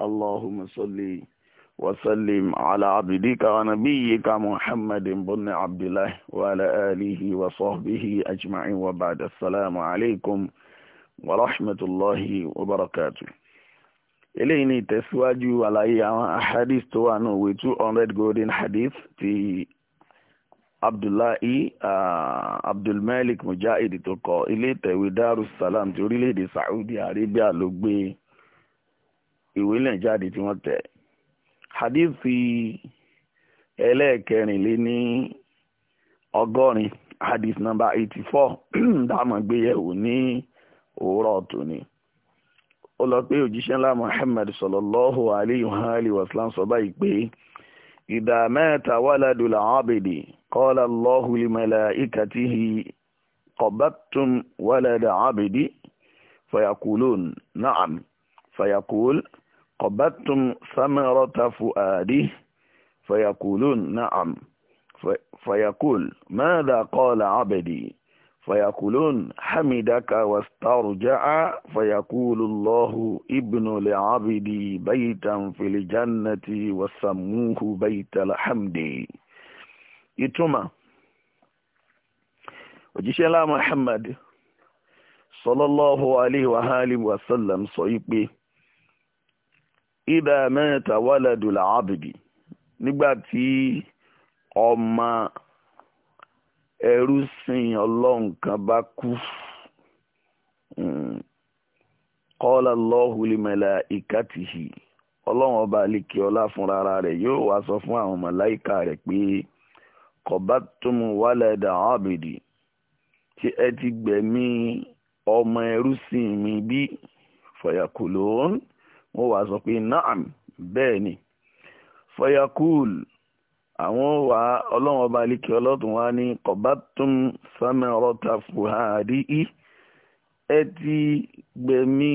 اللهم صل وسلم على عبدك ونبيك محمد بن عبد الله وعلى آله وصحبه أجمعين وبعد السلام عليكم ورحمة الله وبركاته eléyìí ni ìtẹ̀síwájú àlàyé àwọn ahadith tó wà ní òwe two hundred golden hadith ti abdullahi abdulmalik mujahid tó kọ ilé ìtẹ̀wé darussalam ti orílẹ̀-èdè saudi arabia ló gbé e ìwé lẹ̀ jáde tí wọ́n tẹ̀. hadithi ẹlẹ́ẹ̀kẹrìnléní ọgọ́rin hadith number eighty four dáàmọ̀ gbéyẹ̀wò ní òwúrọ̀ tòní. ó lọ pé òjíṣẹ́ ńlá muhammad sallallahu alayhi wa alayhi wa sallam sọ báyìí pé idha mata waladul abidi qala Allahu li malaikatihi qabattum walada abidi fayakulun na'am fayakul. قبضتم ثمرة فؤاده فيقولون نعم فيقول ماذا قال عبدي فيقولون حمدك واسترجع فيقول الله ابن لعبدي بيتا في الجنة وسموه بيت الحمد يتما وجيش الله محمد صلى الله عليه وآله وسلم sallam ìdá mẹ́ta wàlẹ́dù làábìdì nígbà tí ọmọ ẹrú sìn ọlọ́run kan bá kú kọ́lá lọ́hùn lìmẹ̀lá ìkàtìhì ọlọ́run ọba àlekè ọlá fúnra rẹ̀ yóò wá sọ fún àwọn màláìka rẹ̀ pé kọ̀bá tó mu wàlẹ́dà ábìdì tí ẹ ti gbẹ̀mí ọmọ ẹrú sìn mi bí fọ̀yàkùlù ọ̀hún wọ́n wàá sọ pé naam bẹ́ẹ̀ ni fayakul àwọn wà ọlọ́run ọba alikẹ ọlọ́tún wa ní kọ̀bátún samarota fuhari i ẹ ti gbẹ̀mí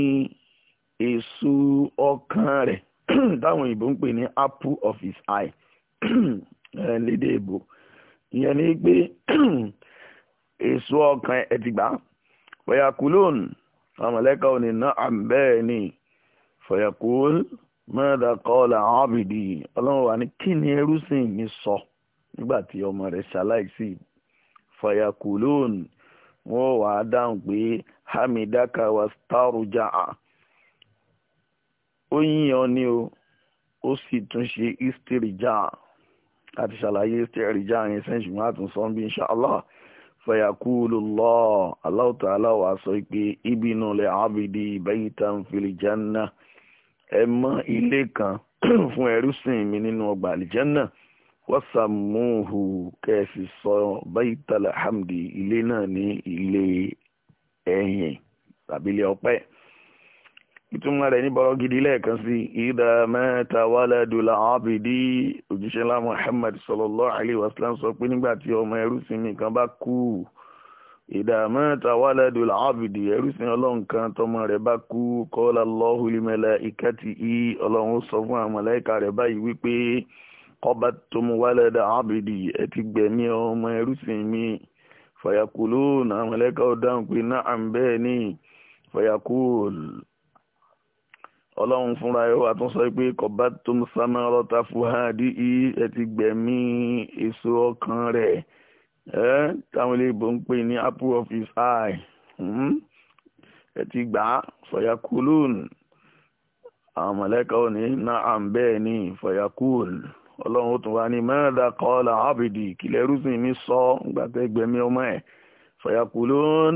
èso ọkàn rẹ̀ táwọn òyìnbó ń pè ní apple of his eye lédè èbó ìyẹn ni pé èso ọkàn ẹ ti gbà fayakul lónìí àwọn mọ̀lẹ́kà ò ní ná àmbẹ́ẹ̀ ni fọyàkùn mẹ́ta kọ́ọ̀lá àwọn àbìdì ọlọ́run wà ní kí ni ẹrúsìn mi sọ nígbà tí ọmọ rẹ̀ ṣaláìsí fọyàkùlóòn wọ́n wà á dáhùn pé hamidaka wa staruja ó yíyan ni o ó sì tún ṣe istirija láti ṣàlàyé istirija yẹn sẹ́yìn ṣùgbọ́n àtúnṣe bí inṣàlá fayakulu allah aláwọ̀ tààlà sọ pé ibinu lè abidi baytan fil janna ẹ mọ ilé kan fún ẹrúsìn mi nínú ọgbà àlìjẹ́nà wasamuhu kẹ́ẹ̀sì sọ baital hamdi ilé náà ní ilé ẹ̀yìn tàbí ilé ọpẹ́ ìtumọ̀ rẹ̀ ní bọ́rọ̀ gidi lẹ́ẹ̀kan sí ìdá mẹ́ta wàlẹ́dùlà ábìdí òjíṣẹ́lá muhammad sallallahu alaihi wasallam sọ pé nígbà tí ọmọ ẹrúsìn mi kan bá kú ìdààmú tàwálẹ́dù làábìdì ẹrú sin ọlọ́run kan tọmọ rẹ̀ bá kú kọ́lá lọ́hùn límẹ̀lẹ́ ìkẹ́tì í ọlọ́run sọ fún àmọ̀lẹ́kà rẹ̀ báyìí wípé kọ́ba tó mu wálẹ́dà ábìdì ẹ ti gbẹ̀mí ọmọ ẹrú sin mi fàyàkùlù nà àmọ̀lẹ́kà ó dáhùn pé náà ń bẹ́ẹ̀ ni fàyàkùlù ọlọ́run fúnra ẹ̀ wà tún sọ pé kọ́ba tó mu sámẹ́rọ́ta fúhádì í ẹ ti gbẹ̀mí èso ọkàn rẹ̀ ẹ́ táwọn iléèbó ń pè ní apple of his eye hmm? ẹ ti gbà á fọyàkùlùn àwọn mọ̀lẹ́kà ò ní ná à ń bẹ́ẹ̀ ní fọyàkùl ọlọ́run ó tún wá ní mẹ́rẹ̀dá kọ́ọ̀lá ábìdì ìkìlẹ̀ rúsìn mi sọ gbàtẹ́gbẹ̀mí ọmọ ẹ̀ fọyàkùlùn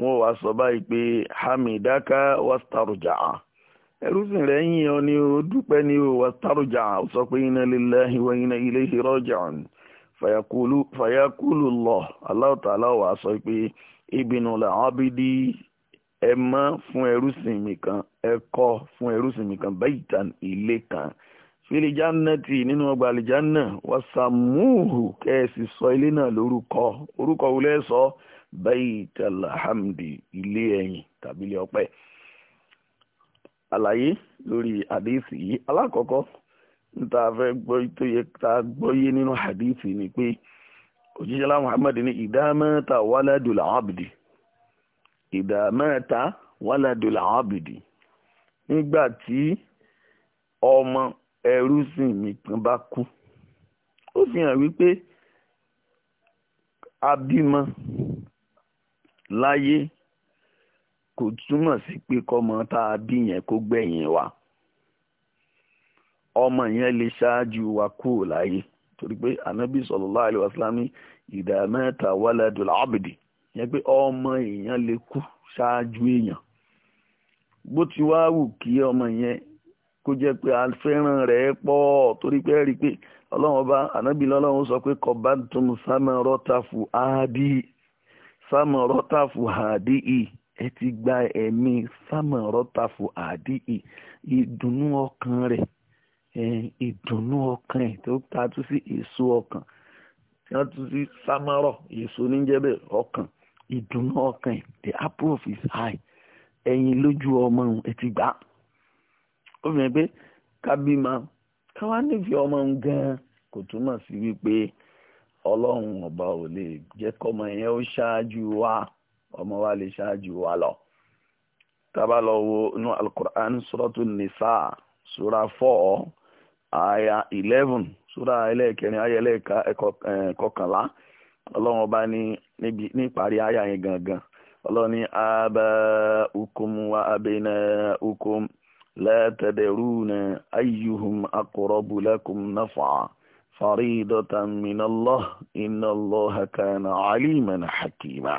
wọn wàá sọ báyìí pé hamidaka wastarujá ẹrúsìn rẹ̀ yìn ọ ni o dúpẹ́ ni o wastarujá sọ pé inna lillahi wa inna ilayhi raji'un fayakulu lọ aláwòtálá wàá sọ pé ìbínú la abidi ẹ mọ́ fún ẹrúsìn mi kan ẹ kọ́ fún ẹrúsìn mi kan baitan ilé kan filijannati nínú ọgbà àlìjánà wasamuhu kẹ́ẹ̀sì sọ ilé náà lórúkọ orúkọ wọlé sọ baital hamdi ilé ẹ̀yìn tàbí ilé alaye lori lórí àdéhìsì yìí alákọ̀ọ́kọ́ níta fẹ́ gbọ́ tó yẹ ká gbọ́ yé nínú hadithi ni pé òjíṣẹ́ lá Muhammad ní ìdámẹ́ta wàládùl àbìdì ìdámẹ́ta wàládùl àbìdì nígbà tí ọmọ ẹrú sìn mi kan bá kú ó fi hàn wípé abímọ láyé kò túmọ̀ sí pé kọ́mọ tá a bí yẹn kó gbẹ̀yìn wa ọmọ yẹn lè ṣáájú wa kú láyé torí pé anabi sallallahu alaihi wasallam idha mata waladul abdi yẹn pé ọmọ èèyàn lè kú ṣáájú èèyàn bó ti wá wù kí ọmọ yẹn kó jẹ́ pé a fẹ́ràn rẹ̀ pọ̀ torí pé rí i pé ọlọ́run ọba ànábì lọ́lọ́run sọ pé kọba tún sámọ̀rọ́tàfù áàdì sámọ̀rọ́tàfù àdì ì ẹ ti gba ẹ̀mí sámọ̀rọ́tàfù àdì ì ìdùnnú ọkàn rẹ̀ ìdùnnú ọkàn ẹ̀ tó ta tú sí èso ọkàn tí wọ́n tú sí sámárọ̀ èso níjẹ́bẹ̀ ọkàn ìdùnnú ọkàn ẹ̀ the apple of his eye ẹ̀yìn lójú ọmọ òun ẹ̀ ti gbà á ó fi hàn pé kábímà káwá nífẹ̀ẹ́ ọmọ òun gan-an kò túmọ̀ sí wípé ọlọ́run ọba ò lè jẹ́ kọ́mọ yẹn ó ṣáájú wa ọmọ wa lè ṣáájú wa lọ tábà lọ wo inú alukur'an suratu nisa sura four aya 11:11-11 sura ẹlẹ́ẹ̀kẹrin aya ẹlẹ́ẹ̀kọkànlá eh, ọlọ́run ọba ní níparí aya yẹn gangan ọlọ́run ní abá ukum wa abẹ́nà ukum látẹ̀dẹ̀rúnà ayyuhum akọ̀rọ̀bù lakum nafa faridatan minallah innallaha kana aliman hakima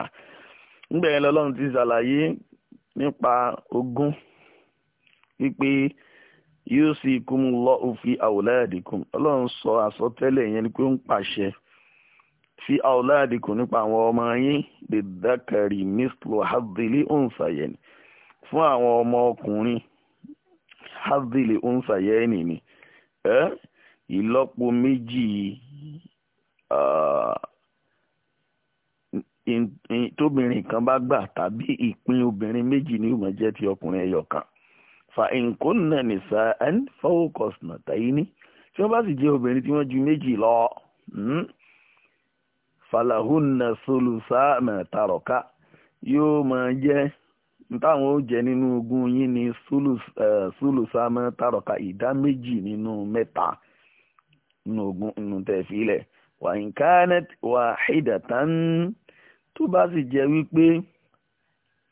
ngbẹ̀yìn lọ́lọ́run ti ṣàlàyé nípa ogún wípé. yusikumullahu fi auladikum ọlọ́run sọ àsọtẹ́lẹ̀ yẹn ni pé ń pàṣẹ fi auladikum nípa àwọn ọmọ yín lè dákàrí mislu hazili unsayeni fún àwọn ọmọ ọkùnrin hazili unsayeni ni ẹ ìlọ́po méjì ah, tóbìnrin kan bá gbà tàbí ìpín obìnrin méjì ni ó máa jẹ́ ti ọkùnrin ẹyọ fa nkónà nìsa ẹn fọwọkọs nà tàyíní tí wọ́n bá sì jẹ́ obìnrin tí wọ́n ju méjì lọ hmm, falahunna solusa mẹtarọka yóò máa jẹ́ ntáwọn ó jẹ nínú ogún yín ní solusa mẹtarọka ìdá méjì nínú mẹ́ta nínú ogún nínú tẹfilẹ wà nkánẹt wà hídàtàn tó bá sì jẹ́ wípé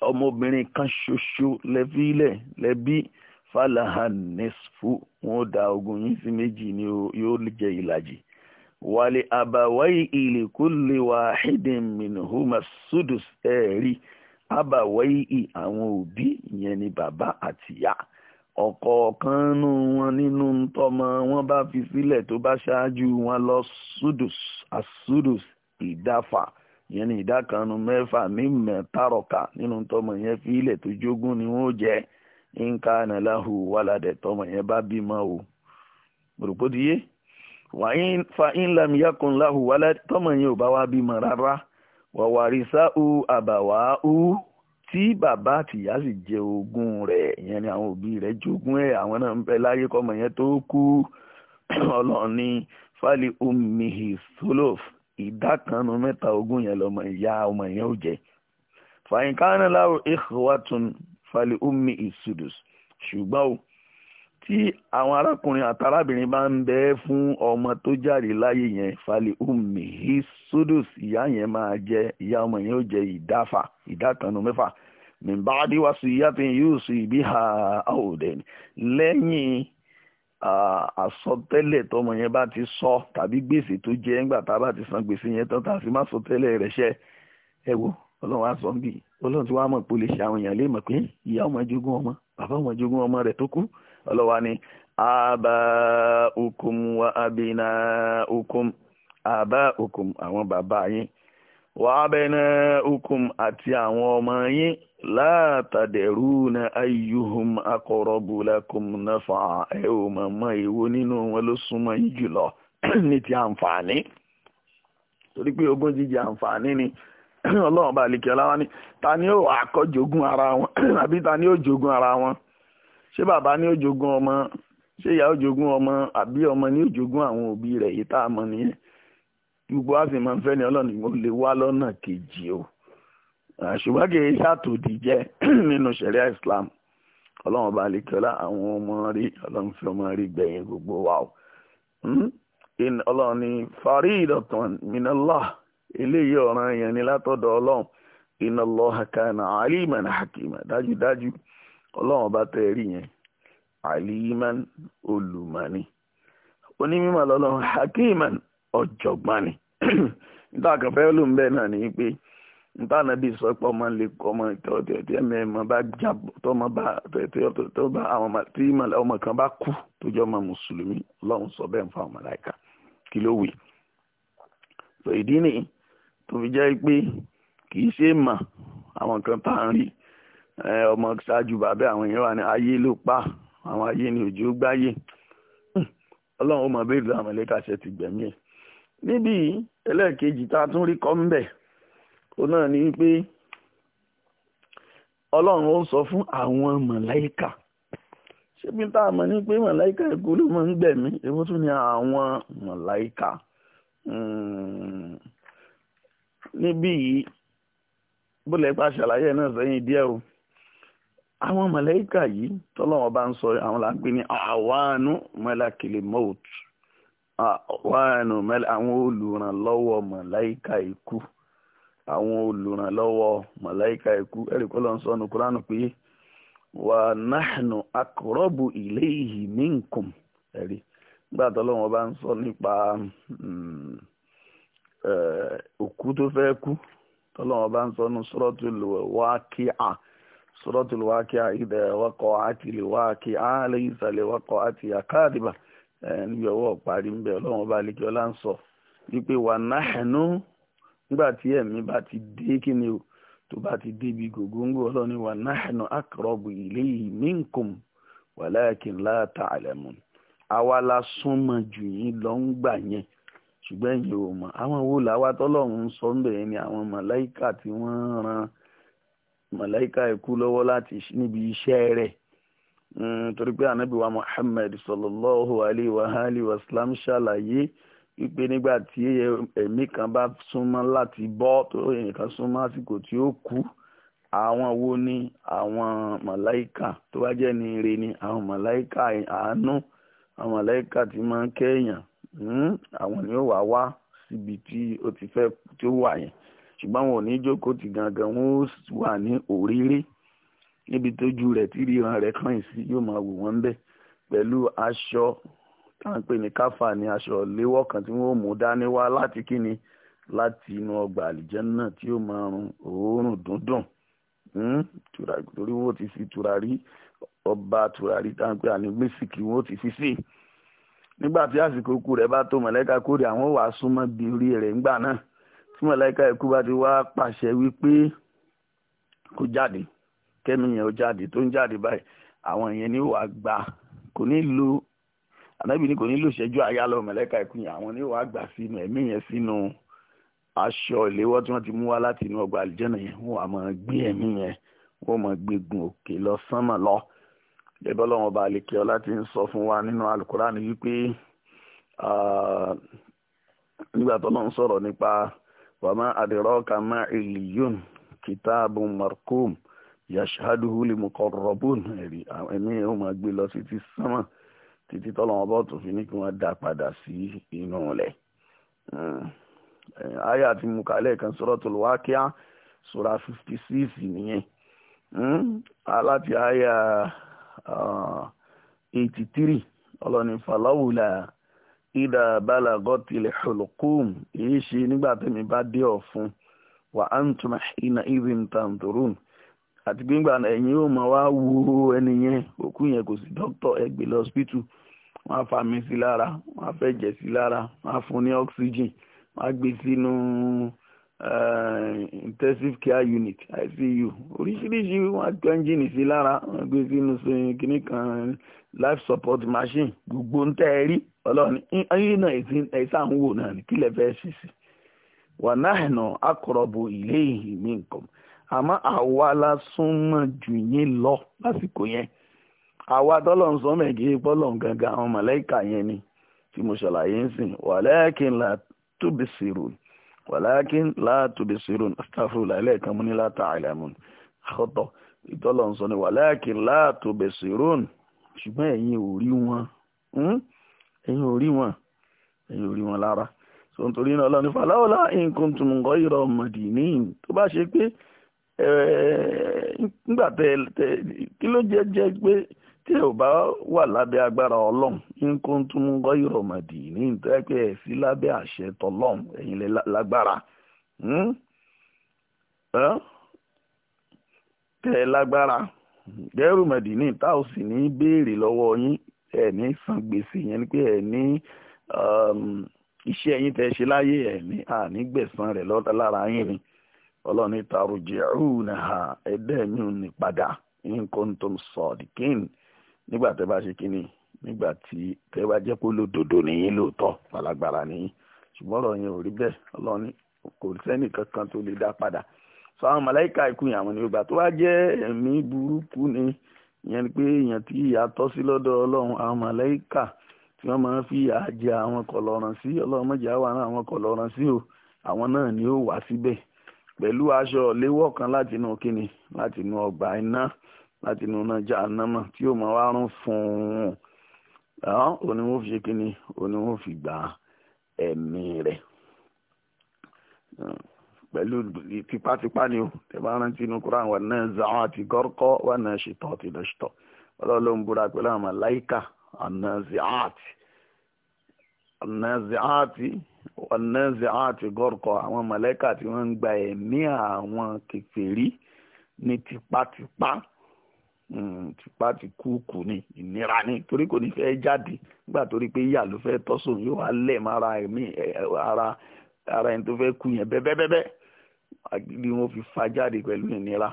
ọmọbìnrin kan ṣoṣo lẹ́fílẹ̀ lẹ́bí falahanesfu wọn ó da ogún yín sí méjì ni yóò jẹ ìlàjì wàlẹ̀ àbàwáyé ìlẹ̀kùnlé wàhídìn mìnhùmá sudus ẹ̀rí àbàwáyé àwọn òbí ìyẹn ni bàbá àtìyá ọ̀kọ̀ọ̀kan nù wọn nínú tọmọ wọn bá fi sílẹ̀ tó bá ṣáájú wọn lọ sudus asudus ìdáfà. E ìyẹn ní ìdá kan nu mẹ́fà mímẹ tárọ̀kà nínú tọmọ yẹn fi ilẹ̀ tó jogún ni wọ́n jẹ nǹka nàláhù wàládẹ̀ tọmọ yẹn bá bímọ o gbòdògbòdìyẹ wàyí fa inlam yakun láhù wàládẹ̀ tọmọ yẹn ò bá wá bímọ rárá wàwàrísà u àbàwà u tí bàbá àtìyá sì jẹ ogún rẹ̀ ìyẹn ni àwọn òbí rẹ̀ jogún ẹ̀ àwọn náà ń bẹ láyé kọ́mọ yẹn tó kú ọlọ́ọ̀ni fali umihi solof ìdá kan nu mẹ́ta ogún yẹn lọ́mọ ìyá ọmọ yẹn ò jẹ́ fàyínkáná láwù ikhwatun fali ummi isudus ṣùgbọ́n o tí àwọn arákùnrin àtàrábìnrin bá ń bẹ fún ọmọ tó jáde láyé yẹn fali ummi isudus ìyá yẹn máa jẹ ìyá ọmọ yẹn ò jẹ ìdáfà ìdá kan nu mẹ́fà mìbáàdí wàásù ìyá tí yóò sì bí ha àwòdẹ lẹ́yìn àsọtẹ́lẹ̀ tọmọ yẹn bá ti sọ tàbí gbèsè tó jẹ ńgbà tá a bá ti san gbèsè yẹn tán tá a sì má sọ tẹ́lẹ̀ rẹ̀ ṣẹ́ ẹ wo ọlọ́run á sọ ń bì ọlọ́run tí wàá mọ̀ pé ó lè ṣe àwọn èèyàn lè mọ̀ pé ìyá ọmọ jogún ọmọ bàbá ọmọ jogún ọmọ rẹ̀ tó kú ọlọ́wà ni àbá òkùn wa àbínà òkùn àbá òkùn àwọn bàbá yín wàá bẹ́ẹ̀ náà àti àwọn ọmọ yín látàdẹ̀rú na ayyuhum akọ̀rọ̀bù nafa ẹ ò mọ̀mọ́ èwo nínú wọn ló súnmọ́ yín jùlọ ní ti àǹfààní torí pé ogún jíjẹ àǹfààní ni ọlọ́run bá lè kí ọlá wa ní ta ni ó àkọ́jogún ara wọn àbí ta ni ó jogún ara wọn ṣé bàbá ni ó jogún ọmọ ṣé ìyá ó jogún ọmọ àbí ọmọ ni ó jogún àwọn òbí rẹ̀ yìí tá a mọ̀ nìyẹn gbogbo a sì máa ń fẹ́ ni ọlọ́run ó lè wá lọ́nà kejì o ṣùgbọ́n kì í ṣàtòdì jẹ́ nínú ṣẹ̀ríà Islam ọlọ́run ọba àlekọ́lá àwọn ọmọ rí ọlọ́run fi ọmọ rí gbẹ̀yìn gbogbo wa o hmm? ọlọ́run ní fàárí ìdọ̀tàn mìnàlá eléyìí ọ̀ràn yẹn ni látọ̀dọ̀ ọlọ́run iná lọ́ha kana aliman hakima dájúdájú ọlọ́run ọba tẹ̀ rí yẹn olùmọ̀ni níta nàbí sọ pé ọmọ lè kọ ọmọ tí ẹmí ẹmọ bá jábọ tọmọ bá tọba àwọn tí ọmọ kan bá kú tó jẹ́ ọmọ mùsùlùmí Ọlọ́run sọ bẹ́ẹ̀ fún àwọn màláíkà kí ló wí. sọ ìdí nìyí tó fi jẹ́ pé kì í ṣe mà àwọn kan tá à ń rí ọmọ ṣáájú bàbá àwọn èèyàn wà ní ayé ló pa àwọn ayé ni òjò gbáyé Ọlọ́run ó mọ bẹ́ẹ̀ lọ ti gbẹ̀mí ẹ̀ níbi ẹlẹ́ẹ̀kejì tá a tún rí kọ́ òun náà ni wípé ọlọ́run ó sọ fún àwọn mọ̀láìkà ṣébi tá a mọ̀ ní pé mọ̀láìkà ikú ló máa ń gbẹ̀mí èwo tún ni àwọn mọ̀láìkà hmm. níbí yìí bólẹ̀ pa ṣàlàyé náà sẹ́yìn díẹ̀ o àwọn mọ̀láìkà yìí tọ́lọ́wọ́n bá ń sọ àwọn là ní àwánú mọ́lákìlì mọ́ọ̀tù àwánú mọ́lá àwọn olùrànlọ́wọ́ mọ̀láìkà ikú. àwọn olùrànlọ́wọ́ màláìka ikú ẹ̀ríkọ́ ló ń sọ ọ́nù kuránù pé wà nahnu akọ̀rọ̀bù ilayhi minkum ẹ̀rí nígbà tó lọ́wọ́ bá ń sọ nípa eh, òkú tó fẹ́ kú tó lọ́wọ́ bá ń sọ ní suratul waqi'a suratul waqi'a idha waqa'atil waqi'a laysa li níbi ọwọ́ parí ń bẹ̀ ọlọ́wọ́ bá lè ń sọ wípé wà nígbà tí ẹ̀mí bá ti dé kí ni o tó bá ti débi gògóńgò ọlọ́ni wa nahnu aqrabu ilayhi minkum walakin la ta'lamun àwa la súnmọ́ jù yín lọ ń gbà yẹn ṣùgbọ́n ẹ̀yin ò mọ̀ àwọn wo làwa tọ́lọ́run ń sọ ni àwọn màláìkà tí wọ́n ran màláìkà ikú lọ́wọ́ láti níbi iṣẹ́ rẹ̀ hmm, torí pé ànábì wa Muhammad alayhi wa alihi wa sallam ṣàlàyé wípé nígbà tí ẹ̀mí kan bá súnmọ́ láti bọ́ tó ẹ̀mí kan súnmọ́ àsìkò tí ó kú àwọn wo ni àwọn màláìkà tó bá jẹ́ ní ire ni àwọn màláìkà àánú àwọn màláìkà tí máa ń kẹ́yàn hmm, àwọn ni ó wà wá síbi tí ó ti fẹ́ tí ó wà yẹn ṣùgbọ́n wọn ò ní jókòó ti gangan wọn ó wà ní òréré níbi tójú rẹ̀ tí ríran rẹ̀ kàn sí yóò máa wò wọ́n bẹ́ẹ̀ pẹ̀lú aṣọ tá à ń pè ní káfà ní aṣọ léwọ́ kan tí wọ́n mú dání wá láti kíni láti inú ọgbà àlìjẹ́nà tí ó máa rún òórùn dúndùn hmm? torí wọ́n ti fi tùràrí ọba tùràrí tá à ń pè àní mísìkì wọ́n ti fi sí nígbà tí àsìkò ikú rẹ̀ bá tó mọ̀lẹ́ka kórè àwọn wàá súnmọ́ di orí rẹ̀ ńgbà náà tí mọ̀lẹ́ka ikú bá ti wá pàṣẹ wípé kó jáde kẹ́nu yẹn ó jáde tó ń jáde báyìí àwọn yẹn ni ó wàá gbà kò ní lo ànábì ní kò ní lò ṣẹ́jú àyà lọ mọ̀lẹ́ka ikú yẹn àwọn oníwàá gbà sínú ẹ̀mí yẹn sínú aṣọ ìléwọ́ tí wọ́n ti mú wá láti inú ọgbà àlìjẹ́nà yẹn wọ́n á máa gbé ẹ̀mí yẹn wọ́n máa gbé gun òkè lọ sánmà lọ. ẹbí ọlọ́run ọba àlekè ọlá ti ń sọ fún wa nínú alukurani wípé nígbà tó lọ́n sọ̀rọ̀ nípa wàmà àdìrọ́ọ̀kà má ìlíyùn kìtààbù markum yashhaduhu limuqarrabun ẹ̀rí ẹ̀mí yẹn wọ́n máa gbé lọ sí ti sánmà títí tọ́lọ́wọ́n bọ́ tó fi ní kí wọ́n dá padà sí inú rẹ̀. Hmm. Eh, àyà tí mo kà lẹ́ẹ̀kan Suratul Waqi'a sura fifty six nìyẹn hmm. aláti àyà ah, eighty three ọlọ́ni falawula ìdá balagọ́tìl hulqum èyí ṣe nígbà tẹ̀mí bá dé ọ̀fun wa antum hina idhin tanzurun àti gbígbà ẹ̀yin yóò máa wá wo ẹni yẹn òkú yẹn kò sí dókítọ̀ ẹ lọ hospital wọ́n á fa mi sí lára wọ́n á fẹ́ jẹ̀ sí lára wọ́n á fún ní oxygen wọ́n á gbé sínú eh, intensive care unit ICU oríṣiríṣi wọ́n á gbé ẹ́ńjìnì sí lára wọ́n á gbé sínú kínní kan life support machine gbogbo ń tẹ́ ẹ rí ọlọ́run ẹ̀yìn náà ẹ̀sán wò náà ní kílẹ̀ fẹ́ ṣe sí wà náà nà akọ̀rọ̀bù ilé ìhìn nǹkan àmọ́ àwa la súnmọ́ jù yín lọ lásìkò yẹn àwa tọ́lọ̀ ń sọ mẹ́gì pọ́lọ̀ gangan àwọn mọ̀lẹ́kà yẹn ni tí mo ṣàlàyé ń sìn wàlẹ́kìn là tóbi sírò wàlẹ́kìn là tóbi sírò astaghfirullah lẹ́ẹ̀kan mú ní látà àìlẹ́mú àkọ́tọ̀ ìtọ́lọ̀ ń sọ ni wàlẹ́kìn là tóbi sírò ṣùgbọ́n ẹ̀yin ò rí wọn hmm? ẹ̀yin ò rí wọn ẹ̀yin ò rí wọn lára sọ̀ntorí náà lọ́nà fàlàwọ́lá nǹkan ìrọ̀ mọ̀dì tó bá ṣe pé Eh, nígbà tẹ kí ló jẹ́ pé tí ò bá wà lábẹ́ agbára ọlọ́run ní kó ń tún mú gọ́yọ̀rọ̀ ní ìtẹ́pẹ́ sí lábẹ́ àṣẹ tọlọ́run ẹ̀yin lágbára hmm? eh? tẹ ní ìta ní béèrè lọ́wọ́ san gbèsè yẹn pé ní um, yín tẹ ṣe láyé ní ọlọ́run ní tarji'unaha ẹ̀dẹ́ mi ò ní padà in kuntum sadiqin nígbà tẹ́ bá ṣe kínní nígbà tí tẹ́ bá jẹ́ pé lódodo nìyí lóòótọ́ pàlágbára nìyí ṣùgbọ́n ọ̀rọ̀ yẹn ò rí bẹ́ẹ̀ ọlọ́run ní kò sẹ́nì kankan tó lè dá padà sọ àwọn màláíkà ikú yẹn àwọn Yorùbá tó wá jẹ́ ẹ̀mí burúkú ni ìyẹn ni pé èèyàn tí ìyà tọ́ sí lọ́dọ̀ ọlọ́run àwọn màláíkà tí wọ́n máa ń fi ìyà jẹ àwọn kọ̀lọ̀ràn sí ọlọ́run mọ̀jà wà àwọn kọ̀lọ̀ràn sí o àwọn náà ni ó wà síbẹ̀ pẹ̀lú aṣọ léwọ́ kan láti inú kíni láti inú ọgbà iná láti inú náà já anámọ̀ tí yóò máa wá rún fún un ọ̀hún òní wọ́n fi ṣe kíni òní wọ́n fi gbà ẹ̀mí rẹ̀ pẹ̀lú tipátipá ni o tẹ bá rántí inú Qur'an wà náà zàwọn àti gọ́rkọ́ wà náà ṣètọ́ àti lọ́ṣítọ́ ọlọ́run ló ń búra pẹ̀lú àwọn màláìkà àná zàwọn àti nazi'ati nazi'ati gọ́rùkọ àwọn mọ̀lẹ́kà tí wọ́n ń gba ẹ̀mí àwọn kèfèrí ní tipátipá hmm, tipa ti kúùkù ni ìnira ni torí kò ní fẹ́ jáde nígbà torí pé yíyà ló fẹ́ tọ́sùn yóò wá lẹ̀ mọ́ ara ẹ̀mí ara ara ẹni tó fẹ́ kú yẹn bẹ́ẹ̀bẹ́ẹ́bẹ́ agídí wọn fi fa jáde pẹ̀lú ìnira.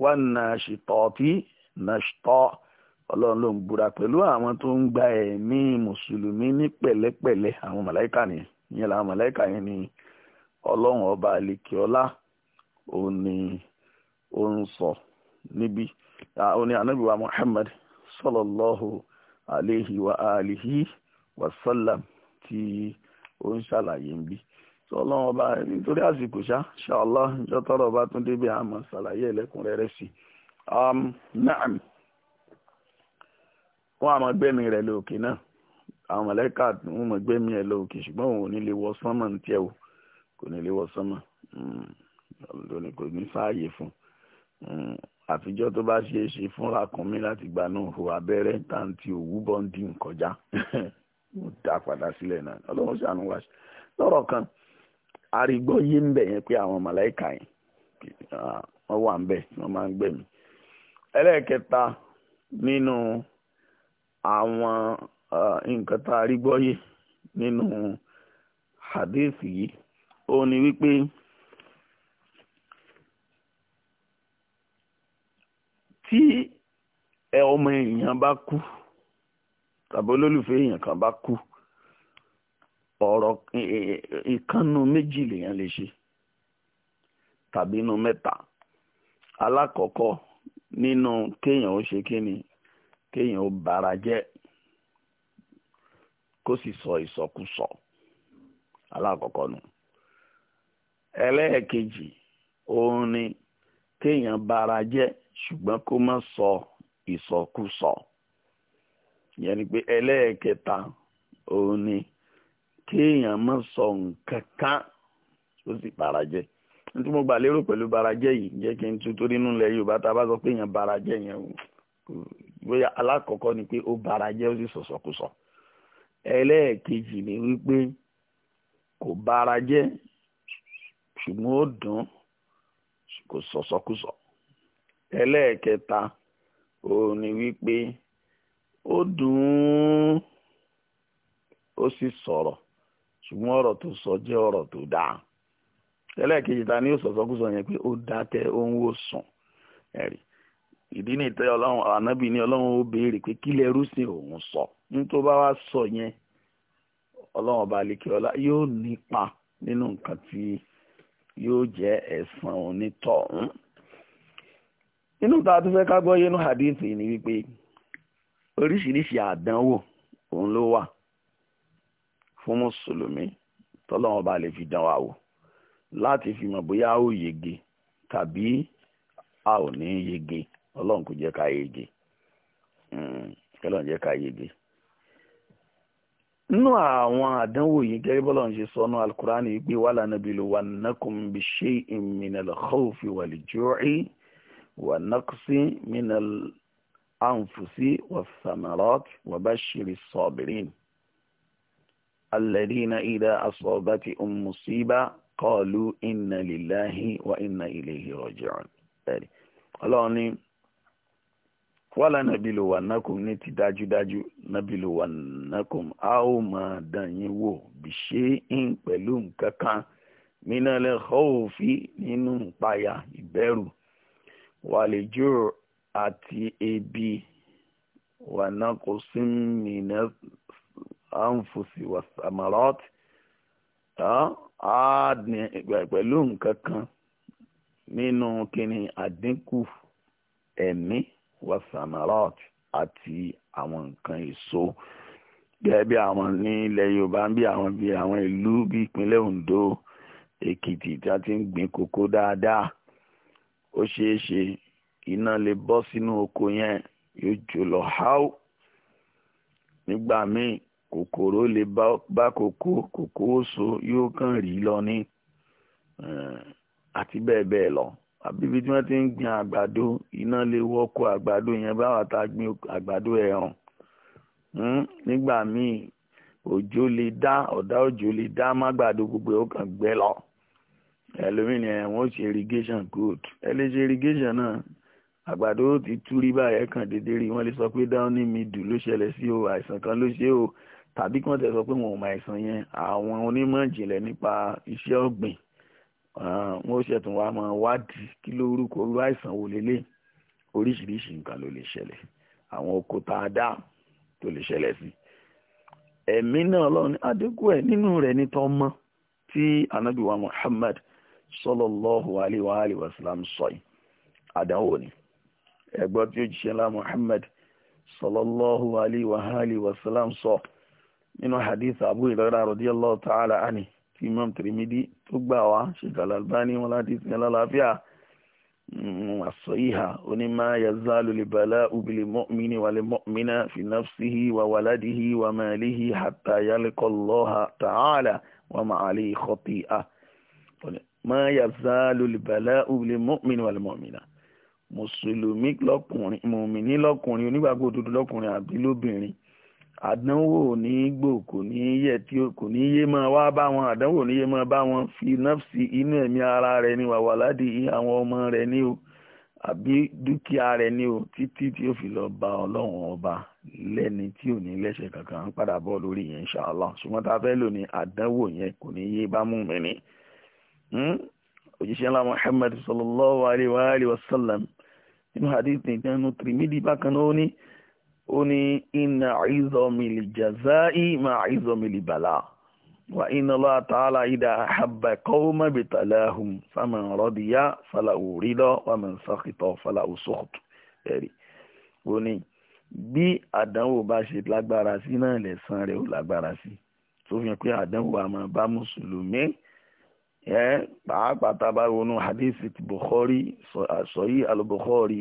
wọ́n na ṣìtọ́ tí na ṣìtọ́ ọlọ́run ló ń búra pẹ̀lú àwọn tó ń gba ẹ̀mí mùsùlùmí ní pẹ̀lẹ́pẹ̀lẹ́ àwọn màláìka nìyẹn ìyẹn làwọn màláìka yẹn ni ọlọ́run ọba àlekèọ́lá òun ni ó ń sọ níbi òun ni ànábì wa Muhammad sallallahu alayhi wa alihi wa sallam tí ó ń ṣàlàyé ń bí ọlọ́run ọba nítorí àsìkò ṣá ṣàlọ́ ìjọ tọrọ ọba tún débi àmọ́ ṣàlàyé ẹlẹ́kùnrẹ́rẹ́ sí i. Um, wọ́n á máa gbẹ́mí rẹ̀ lóòkè náà àwọn mọ̀lẹ́kà wọ́n máa gbẹ́mí ẹ̀ lóòkè ṣùgbọ́n òun ò ní lè wọ sánmà ní tiẹ̀ o kò ní lè wọ sánmà hmm. lónìí kò ní sáàyè fún hmm. àfijọ́ tó bá ṣeé ṣe fúnra kan mi láti gba náà ho abẹ́rẹ́ tàǹtí òwú bọ́ǹdì kọjá mo dá padà sílẹ̀ náà ọlọ́run ṣàánú wá sí lọ́rọ̀ kan arígbọ́ yé ń bẹ̀ yẹn pé àwọn mọ̀lẹ́kà yẹn wọ́n wà ń bẹ̀ wọ́n máa ń gbẹ̀mí ẹlẹ́ẹ̀kẹta nínú àwọn eh, nǹkan tá a rí gbọ́yé nínú hadith yìí ó ní wípé tí ẹ ọmọ èèyàn bá kú tàbí olólùfẹ́ èèyàn kan bá kú ọ̀rọ̀ ìkànnù méjì lèèyàn lè ṣe tàbí inú mẹ́ta alákọ̀ọ́kọ́ nínú kéèyàn ó ṣe kí ni kéèyàn ó bara jẹ́ kó sì sọ ìsọkúsọ alákọ̀ọ́kọ́ nu ẹlẹ́ẹ̀kejì òun ni kéèyàn bara jẹ́ ṣùgbọ́n kó má sọ ìsọkúsọ yẹn ni pé ẹlẹ́ẹ̀kẹta òun ni kéèyàn má sọ nǹkan kan ó sì bara nítorí mo gbà lérò pẹ̀lú bara yìí jẹ́ kí n tutù nínú a bá sọ pé èèyàn bara bóyá alákọ̀ọ́kọ́ ni pé ó bara jẹ́ ó sì sọ̀sọ̀kùsọ̀ ẹlẹ́ẹ̀kejì ni wípé kò bara jẹ́ ṣùgbọ́n ó dùn kò sọ̀sọ̀kùsọ̀ ẹlẹ́ẹ̀kẹta òun ni wípé ó dùn ó sì sọ̀rọ̀ ṣùgbọ́n ọ̀rọ̀ tó sọ jẹ́ ọ̀rọ̀ tó dáa ẹlẹ́ẹ̀kejì ta ni ó sọ̀sọ̀kùsọ̀ yẹn pé ó dákẹ́ ó ń wò sùn ìdí ní ìtẹ́ ọlọ́run ànábì ní ọlọ́run ó béèrè pé kí lẹ́rú sí òun sọ ní tó bá wá sọ yẹn ọlọ́run ọba àlekè ọlá yóò nípa nínú nǹkan tí yóò jẹ́ ẹ̀san onítọ̀hún. nínú tá a fẹ́ ká gbọ́ yẹnu hadithi ni wípé oríṣiríṣi àdánwò òun ló wà fún mùsùlùmí tọ́lọ́run ọba lè fi dán wa wò láti fi mọ̀ bóyá ó yege tàbí a ò ní yege ọlọ́run kò jẹ́ ká yege hmm, ọlọ́run jẹ́ ká yege. nínú àwọn àdánwò yìí gẹ́gẹ́ bọ́lá ń ṣe sọnù alukur'an yìí pé wàhálà nàbí ló wà nàkùn bí ṣe ìmìnàlẹ̀ xawfi wàlẹ̀ jọ́ọ̀ì wà nàkùsí mìnàlẹ̀ ànfùsí wà sàmàlọ́t wà bá ṣìrì sọ̀bìrín. الذين إذا أصابتهم مصيبة قالوا إنا لله وإنا إليه راجعون. Ọlọ́run ni wala nàbílò wà nàkùn ní ti dájúdájú nàbílò wà nàkùn a ó máa dàn yín wò bí ṣe ń pẹ̀lú nǹkan kan mínàlẹ̀ khawfi nínú ìpayà ìbẹ̀rù wàlẹ̀ àti ebi wà nàkùn sí mìnà ànfùsì wà samarot pẹ̀lú nǹkan kan nínú kíni àdínkù ẹ̀mí wasamarot àti àwọn nǹkan èso gẹ́gẹ́ bí àwọn ní ilẹ̀ yorùbá ń bí àwọn bí àwọn ìlú bí ìpínlẹ̀ ondo èkìtì tí a ti ń gbìn kókó dáadáa ó ṣeé ṣe iná lè bọ́ sínú oko yẹn yóò jò lọ háù nígbà míì kòkòrò lè bá kòkó kòkó so yóò kàn rí lọ ní àti bẹ́ẹ̀ bẹ́ẹ̀ lọ àbíbi tí wọ́n ti ń gbin àgbàdo iná lè wọ́kọ àgbàdo yẹn báwa tá a gbin àgbàdo ẹ̀hàn hmm, nígbà míì òjò lè dá ọ̀dá òjò lè dá mágbàdo gbogbo ẹ̀ ó kàn gbẹ lọ ẹlòmíì ni ẹ̀wọ̀n ó ṣe irrigation good ẹ lè ṣe irrigation náà àgbàdo ó ti tú rí báyẹn kàn déédé rí wọ́n lè sọ pé dáhùn ní mi dùn ló ṣẹlẹ̀ sí o àìsàn kan ló ṣe o tàbí kí wọ́n tẹ̀ sọ pé wọn ò mọ àìsàn yẹn àwọn onímọ̀ ìjìnlẹ̀ nípa iṣẹ́ ọ̀gbìn wọn ó ṣẹ̀tún wá máa wádìí kí ló orúkọ orú àìsàn wo lélẹ̀ oríṣiríṣi nǹkan ló lè ṣẹlẹ̀ àwọn oko tá a dá tó lè ṣẹlẹ̀ sí ẹ̀mí náà lọ́run adékù ẹ̀ nínú rẹ̀ ní tọ́mọ́ tí anábìwá Muhammad sallallahu alayhi wa sallam sọ yìí àdánwò ni ẹgbọ́ tí ó jíṣẹ́ ńlá Muhammad sallallahu alayhi wa alayhi wa sallam sọ nínú hadith Abu Hurairah radiyallahu ta'ala anhu tí imam tirimidi tó gbà wá ṣètò alalbani wọn láti sin alálàáfíà àsọyíha mm, onímọ̀ yàzá lulibala ubili mọ́mìnì wàlẹ̀ mọ́mìnà fìnàfsíhi wà wàládìhi wà màálìhi hatta yalqallaha ta'ala wà màálì khati'a ma yazalu libala'u lil mu'min wal mu'mina mùsùlùmí lọ́kùnrin mùmìnì lọ́kùnrin onígbàgbọ́ òdodo lọ́kùnrin àbí lóbìnrin àdánwò ní gbò kò ní yẹ tí kò ní yé máa wá bá wọn àdánwò ní yé máa bá wọn fi nọ́ọ̀sì inú ẹ̀mí ara rẹ ní wàwà ládìí àwọn ọmọ rẹ ní o àbí dúkìá rẹ ní o títí tí ó fi lọ bá ọlọ́run ọba lẹ́ni tí ò ní lẹ́sẹ̀ kankan ń padà bọ́ lórí yẹn inshallah ṣùgbọ́n tá a fẹ́ lò ní àdánwò yẹn kò ní yé bá mú mi ní. òjíṣẹ́ ńlá Muhammad sallallahu alayhi wa sallam nínú hadith nìkan nínú Tirmidhi bákan náà ó ní iná ìzọmìlì jazai ma ìzọmìlì bàlá wa iná lọ́wọ́ tààlà ìdá àhàbà kọ́wọ́ mẹ́bìtàláhùn sámà rọ́dìyà fàlà òrídọ́ wà mẹ́ sọ́kìtọ̀ fàlà òsòkòtò ẹ̀rí ó ní bí àdánwò bá ṣe lágbára sí náà lẹ̀san rẹ̀ ó lágbára sí tó fi hàn pé àdánwò àmọ́ bá mùsùlùmí ẹ pàápàá tábà wọnú hadith bukhari sọyí al-bukhari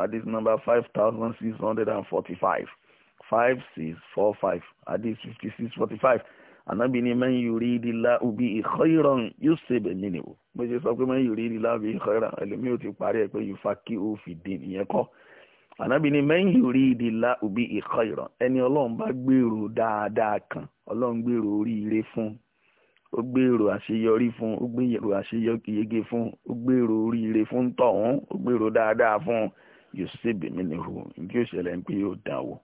hadith number five thousand six hundred and forty-five five six four five hadith fifty-six forty-five anabi ni man yuridillahu bihi khayran yusib minhu mo ṣe sọ pé man yuridillahu bihi khayran ẹlòmíì ò ti parí ẹ pé yufaqihu fid-din ìyẹn kọ́ anabi ni man yuridillahu bihi khayran ẹni ọlọ́run bá gbèrò dáadáa kan ọlọ́run gbèrò oríire fún ó gbèrò àṣeyọrí fún ó gbèrò àṣeyọkìyege fún ó gbèrò oríire fún tọ̀hún ó gbèrò dáadáa fún un yóò ṣèbè mí ní ìhù nítí yóò ṣẹlẹ̀ ń pé yóò dánwò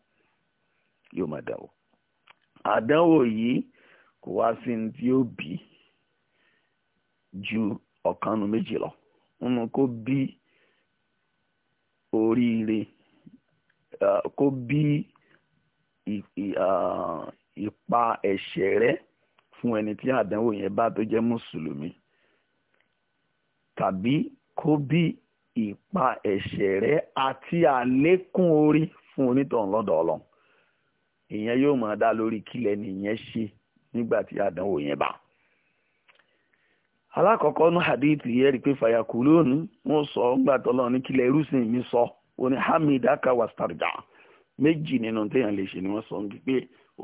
yóò máa dánwò àdánwò yìí kò wá sí ní tí yóò bí ju ọ̀kanu méjì lọ nínú kó bí oríire kó bí ipa ẹ̀ṣẹ̀ rẹ fún ẹni tí àdánwò yẹn bá tó jẹ́ mùsùlùmí tàbí kó bí ìpa ẹ̀ṣẹ̀ rẹ àti àlékún orí fún onítọ̀hún lọ́dọ̀ ọlọ́run ìyẹn yóò máa dá lórí kílẹ̀ nìyẹn ṣe nígbà tí àdánwò yẹn bá alákọ̀ọ́kọ́ ní hadith pe rí pé fàyàkù lónìí wọ́n sọ ńgbà tọ́lọ́ ní kílẹ̀ irúsìn mi sọ ó ní wastarja méjì nínú téèyàn lè ṣe ni wọ́n sọ ń pé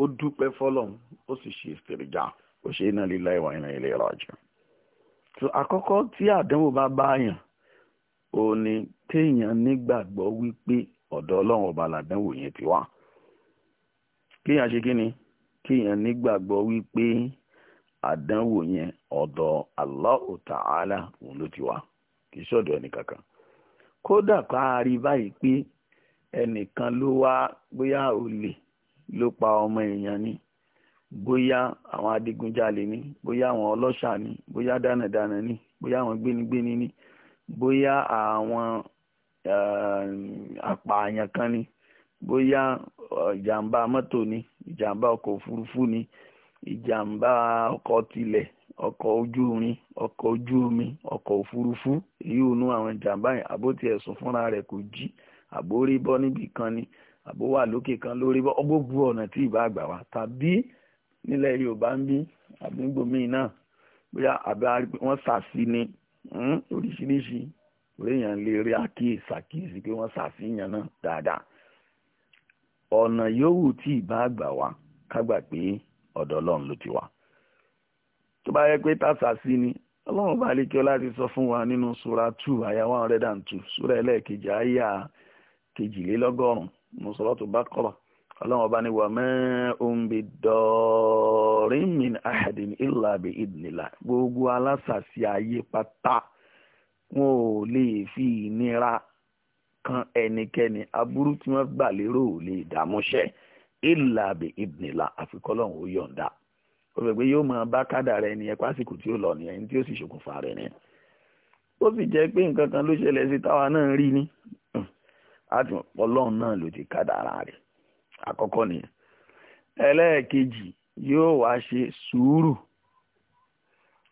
ó dúpẹ́ fọ́lọ́n ó sì ṣe ìsìrìjà ó ṣe inna lillahi wa inna ilayhi ó ní téèyàn nígbàgbọ́ wípé ọ̀dọ̀ ọlọ́run ọba làdánwò yẹn ti wá kéèyàn ṣe kí kéèyàn nígbàgbọ́ wípé àdánwò yẹn ọ̀dọ̀ Allahu Ta'ala òun ló ti wá kì í ṣọ̀dọ̀ ẹnì kankan kódà ká a rí báyìí pé ẹnìkan ló wá bóyá olè ló pa ọmọ èèyàn ni bóyá àwọn adigunjalè ni bóyá àwọn ọlọ́ṣà ni bóyá dánadàna ni bóyá àwọn gbénigbéni ni. Bóyá bóyá àwọn ehm, apààyàn kan ni bóyá eh, ìjàmbá mọ́tò ni ìjàmbá ọkọ̀ òfurufú ni ìjàmbá ọkọ̀ tilẹ̀ ọkọ̀ ojú irin ọkọ̀ ojú omi ọkọ̀ òfurufú èyí ò nú àwọn ìjàmbá yẹn àbó tiẹ̀ sùn fúnra rẹ̀ kò jí àbó rí bọ́ níbì kan ni àbó wà lókè kan lórí bọ́ gbogbo ọ̀nà tí ìbá àgbà wa tàbí nílẹ̀ Yorùbá ń bí àbí gbòmíì náà bóyá àbí wọ́n sàsí ni Hmm, oríṣiríṣi léèyàn lè rí àkíyèsí àkíyèsí pé wọ́n ṣàfihàn náà dáadáa ọ̀nà yòówù tí ìbá àgbà wá kágbà pé ọ̀dọ̀ ọlọ́run ló ti wá tó bá yẹ pé tàṣà sí ni ọlọ́run bá lè kí ọ láti sọ fún wa nínú sura two àyà one hundred and two sura ẹlẹ́ẹ̀kejì àyà kejìlélọ́gọ́rùn-ún nusratu Baqara ọlọ́run ọba ni wàmẹ́ òǹbẹ̀dọ́ọ́. kọ̀rin min ahadin illa bi idnila gbogbo alásàsí ayé pátá wọn ò fi ìnira kan ẹnikẹ́ni aburú tí wọ́n gbà lérò ò lè dàmúṣẹ́ illa bi idnila àfikọ́lọ́hún ó yọ̀ǹda ó fẹ́ pé yóò máa bá kádà rẹ ní àsìkò tí ó lọ nìyẹn tí ó sì ṣokùnfà rẹ̀ ni ó sì jẹ́ pé nǹkan kan ló ṣẹlẹ̀ sí táwa náà rí ni àti hmm. ọlọ́run náà ló ti kádàrá rẹ̀ àkọ́kọ́ nìyẹn ẹlẹ́ẹ̀kejì yóò wá ṣe sùúrù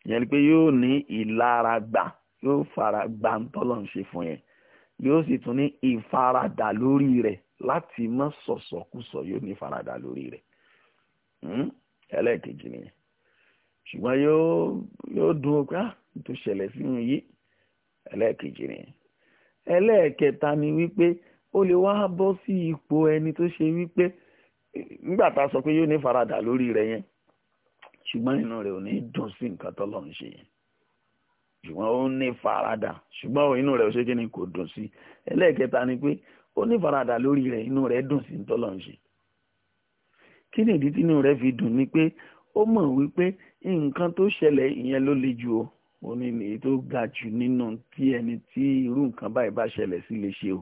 ìyẹn ni pé yóò ní ìlara gbà yóò fara gbà ń tọ́lọ̀ ń ṣe fún yẹn yóò sì tún ní ìfaradà lórí rẹ̀ láti má sọ̀sọ̀kúsọ yóò ní ìfaradà lórí rẹ̀ hmm? ẹlẹ́ẹ̀kejì nìyẹn ṣùgbọ́n yóò yóò dùn ọ̀pá ah, tó ṣẹlẹ̀ sínú yìí ẹlẹ́ẹ̀kejì nìyẹn ẹlẹ́ẹ̀kẹta ni wípé ó lè wá bọ́ sí ipò ẹni tó ṣe wípé nígbà tá a sọ pé yóò ní faradà lórí rẹ̀ yẹn ṣùgbọ́n inú rẹ̀ ò ní dùn sí nǹkan tó lọ́n ṣe yẹn ṣùgbọ́n ó ní faradà ṣùgbọ́n inú rẹ̀ ò ṣe kí ni kò dùn sí ẹlẹ́ẹ̀kẹta ni pé ó ní faradà lórí rẹ̀ inú rẹ̀ dùn sí nǹkan tó lọ́n ṣe kí ni ìdí tí inú rẹ̀ fi dùn ni pé ó mọ̀ wípé nǹkan tó ṣẹlẹ̀ ìyẹn ló le jù o ó ní èyí tó ga jù nínú tí ẹni tí irú nǹkan báyìí bá ṣẹlẹ̀ sí lè ṣe o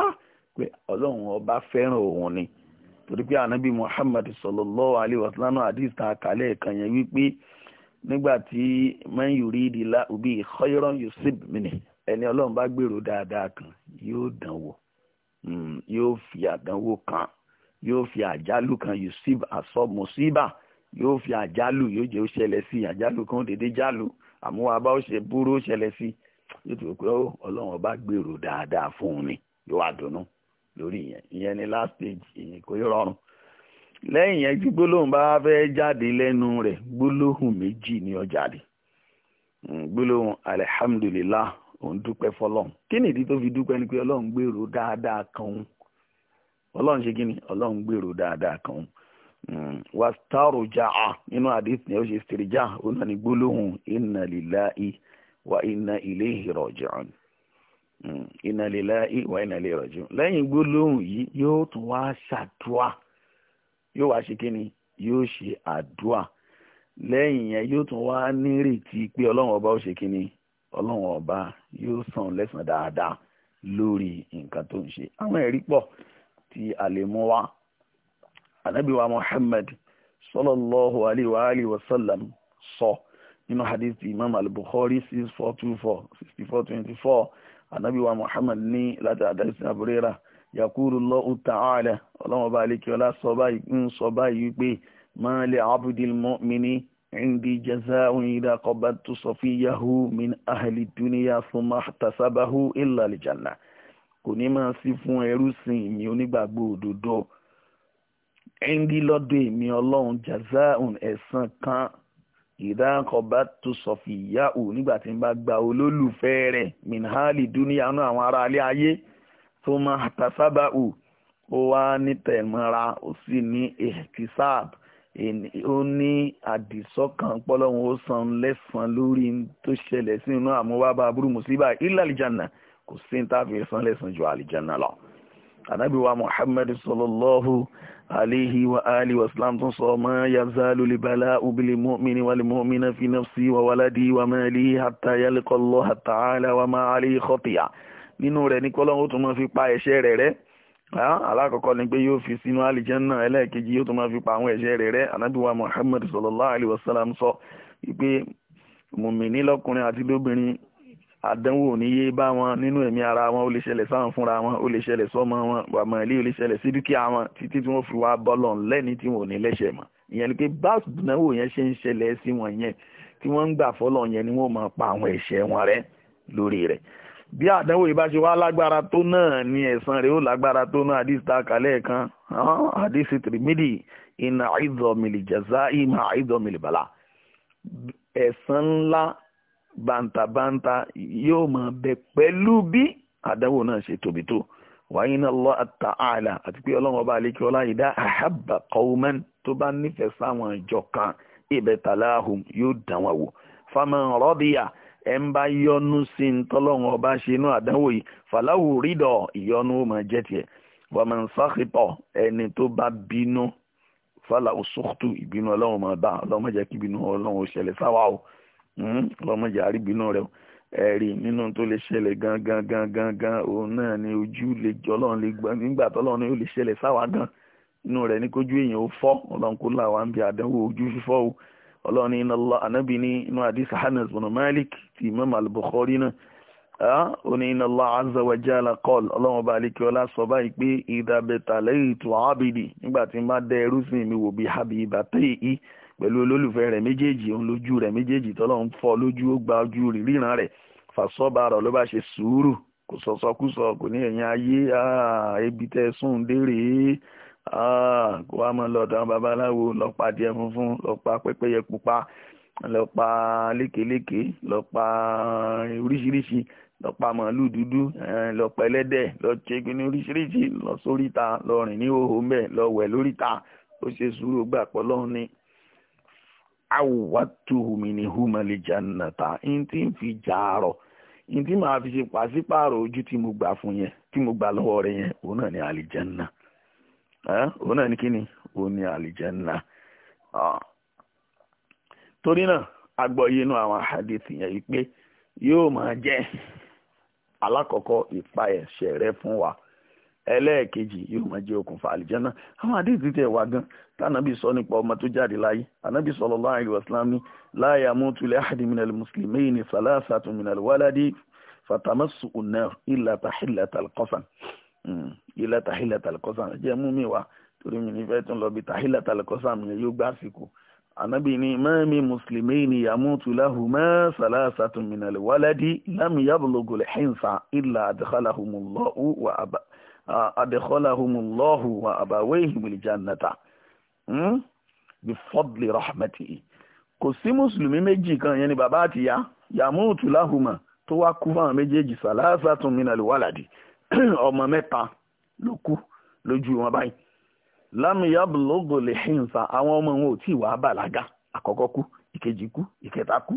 ah, pé ọlọ́run ọba fẹ́ràn òun ni torí pé ànábì muhammad sallallahu alaihi wa sallam hadith tá a kàlẹ̀ kan yẹn wípé nígbà tí man yuridillahu bihi khayran yusib minhu ẹni ọlọ́run bá gbèrò dáadáa kan yóò dánwò hmm, yóò fi àdánwò kan yóò fi àjálù kan yusib asọ musiba yóò fi àjálù yóò jẹ́ ó ṣẹlẹ̀ sí àjálù kan dédé jálù àmúwábá ó ṣe búrú ó sí yóò tó pé ọlọ́run ọba gbèrò dáadáa fún un ni yóò wá dùnú lórí ìyẹn ìyẹn ni last stage ìyẹn kò yọ rọrùn lẹ́yìn yẹn tí gbólóhùn bá fẹ́ jáde lẹ́nu rẹ̀ gbólóhùn méjì ni ó jáde hmm, gbólóhùn alihamudulilah òun dúpẹ́ fọlọ́n kí nìdí tó fi dúpẹ́ ni pé ọlọ́run gbèrò dáadáa kan òun ọlọ́run ṣe kí ni gbèrò dáadáa kan òun hmm, wàtàrùjà nínú àdìsí ni ó ṣe sèrìjà òun náà ni gbólóhùn inna lillahi wa inna ilayhi raji'un Mm. inna lillahi wa inna ilayhi raji'un lẹ́yìn gbólóhùn yìí yóò tún wá ṣàdúà yóò wá ṣe kíni yóò ṣe àdúà lẹ́yìn yẹn yóò tún wá nírètí pé ọlọ́run ọba ó ṣe kíni ọlọ́run ọba yóò san lẹ́san dáadáa lórí nǹkan tó ń ṣe àwọn ẹ̀rí pọ̀ tí a lè mú wá anabi wa muhammad sallallahu alayhi wa alihi wa sallam sọ nínú hadith imam al-bukhari six four two four sixty four twenty four ànábì wa muhammad ní láti àdáyé sí àbúrẹ́rà yakuru Allahu ta'ala ọlọ́wọ́n bá lè kí ọlá sọ báyìí ń sọ báyìí wípé ma li abdil mu'mini indi jaza'un idha qabadtu safiyahu min ahli dunya thumma ihtasabahu illa aljanna kò ní máa sí fún ẹrú sìn mi onígbàgbọ́ òdodo indi lọ́dọ̀ èmi ọlọ́run jaza'un ẹ̀san kan ìdáǹkọ̀bá tó sọ̀fì ìyá ò nígbà tí ń bá gba olólùfẹ́ rẹ̀ minhali dúníà náà àwọn ará alẹ́ ayé tó máa tasábà ò ó wá ní tẹ̀mọ́ra ó sì ní ehtisab ó ní àdìsọ́kàn pọ́lọ́hún ó san lẹ́sàn lórí tó ṣẹlẹ̀ sí inú àmúwábá aburú mùsíbà ilé àlìjànà kò sí ní táàfin san ju àlìjànà lọ. ànábì wa muhammadu aléhi wa ali wa salam tún sọ ma yazalu al-bala'u bil mu'mini wal mu'mina fi nafsi wa waladi wa mali hatta yalqa Allah ta'ala wa ma alayhi khati'a nínú rẹ̀ ní kọ́lọ́hún ó tún máa fi pa ẹ̀ṣẹ̀ rẹ̀ rẹ́ alákọ̀ọ́kọ́ ni pé yóò fi sínú àlìjẹ́nà ẹlẹ́ẹ̀kejì yóò tún máa fi pa àwọn ẹ̀ṣẹ̀ rẹ̀ rẹ́ anábìwá muhammad sallallahu alayhi wa sallam sọ wípé mùmìnì lọ́kùnrin àti àdánwò ní yé bá wọn nínú ẹ̀mí ara wọn ó lè ṣẹlẹ̀ sáwọn fúnra wọn ó lè ṣẹlẹ̀ sọ́mọ wọn wàmọ̀ ilé ó lè ṣẹlẹ̀ sí dúkìá wọn títí tí wọ́n fi wá bọ́lọ̀ lẹ́ni tí wọn ò ní lẹ́sẹ̀ mọ́ ìyẹn ni pé báàsì dùnáwò yẹn ṣe ń ṣẹlẹ̀ sí wọn yẹn tí wọ́n ń gbà fọ́lọ̀ yẹn ni wọ́n máa pa àwọn ẹ̀ṣẹ̀ wọn rẹ́ lórí rẹ̀ bí àdánwò yìí bá ṣe wá lágbára tó náà ni ẹ̀san rẹ̀ ó lágbára tó náà àdìsíta kàlẹ́ kan àdìsí tìrìmídì iná àìdọ̀mìlì jẹ̀zá ìmọ̀ àìdọ̀mìlì bàlá ẹ̀san ńlá bàǹtàbàǹtà yóò máa bẹ pẹ̀lú bí àdánwò náà ṣe tóbi tó wáyé náà Allah ta'ala àti pé ọlọ́run ọba àlekí ọlá ìdá ahabba qawman tó bá nífẹ̀ẹ́ sáwọn ìjọ kan ibtalahum yóò dán wọn wò faman radiya ẹ̀ ń bá yọnu sí ń tọ́lọ́run ọba ṣe inú àdánwò yìí falahu ridọ ìyọnu ó máa jẹ́ tiẹ̀ waman sakhita ẹni tó bá bínú falahu sukhtu ìbínú ọlọ́run máa ọlọ́run má kí ìbínú ọlọ́run ó ṣẹlẹ̀ sáwà o. Hmm, ọlọ́mọdé àríbínú rẹ ẹ̀rí nínú tó lè ṣẹlẹ̀ gan gan gan gan gan òun náà ni ojú lè jọ ọlọ́run lè gbọ́ nígbà tó ọlọ́run yóò lè ṣẹlẹ̀ sáwa gan inú rẹ̀ ní kójú èèyàn ó fọ́ ọlọ́run kó là wá ń bi àdánwò ojú fífọ́ o ọlọ́run ní iná lọ ànábì ní inú hadith Anas bin Malik ti Imam al-Bukhari náà oní iná lọ azza wa jalla qala ọba àlekí ọlá sọ báyìí pé ìdàbẹ̀tà lẹ́yìn tó ábìdì nígbà tí n bá dẹ ẹrú sí mi wò bí habibatayhi pẹ̀lú olólùfẹ́ rẹ̀ méjèèjì òun lójú rẹ̀ méjèèjì tọ́lọ́run fọ́ lójú ó gba ojú ríran rẹ̀ fàṣọ́ba rọ̀ ló bá ṣe sùúrù kò sọ̀sọ́kúsọ kò ní ẹ̀yìn ayé ebi tẹ́ sùn dérè kó wá mọ́ lọ́dọ̀ àwọn babaláwo lọ pa díẹ̀ funfun lọ pa pẹ́pẹ́yẹ pupa lọ pa lékeléke lọ pa oríṣiríṣi lọ pa màálù dúdú lọ pa ẹlẹ́dẹ̀ lọ ṣẹ́gun ní oríṣiríṣi lọ sóríta lọ rìn ní hòhò mbẹ́ lọ wẹ̀ lóríta ó ṣe sùúrù gbà pọ̀ lọ́hùn ni awwatuhu minhuma li jannata in tí ń fi jàárọ̀ in ma fi ṣe paro oju tí mo gbà fún yẹn tí mo gbà lọ́wọ́ rẹ̀ yẹn òun náà ni àlìjánná òun náà ni kíni òun ni àlìjánná ah. torí náà agbọ́yé inú àwọn àhàdìsì yẹn yìí pé yóò máa jẹ́ alákọ̀ọ́kọ́ ìpa ẹ̀ṣẹ̀ rẹ wa ẹlẹ́ẹ̀kejì yóò máa jẹ́ okùnfà àlìjẹ́nà àwọn àdéhùn tẹ̀ wá gan tànàbí sọ nípa ọmọ tó jáde láyé ànábì sallallahu alaihi wasallam ní la yamutu li ahadin minal muslimayni thalathatun minal waladi fatamassu an-nar illa tahillatal qasam hmm, illa tahillatal qasam jẹ́ mú mi wá torí mi nífẹ̀ẹ́ tó ń lọ bí tahillatal qasam mi yóò gbá àsìkò ànábì ní mami muslimayni yamutu lahuma adẹ́kọ́láhùmùlọ́hù wa àbáwéhìmùlì jannata bí fọ́dùlì rahmati kò sí mùsùlùmí méjì kan yẹn ni bàbá àti ya yàmúùtù láhùmà tó wá kú fáwọn méjèèjì sàlásà tún mìíràn lè wàlàdì ọmọ mẹ́ta ló kú lójú wọn báyìí lámìyàbùlógò lè hìnsà àwọn ọmọ wọn ò tí ì bàlágà àkọ́kọ́ kú ìkejì kú ìkẹta kú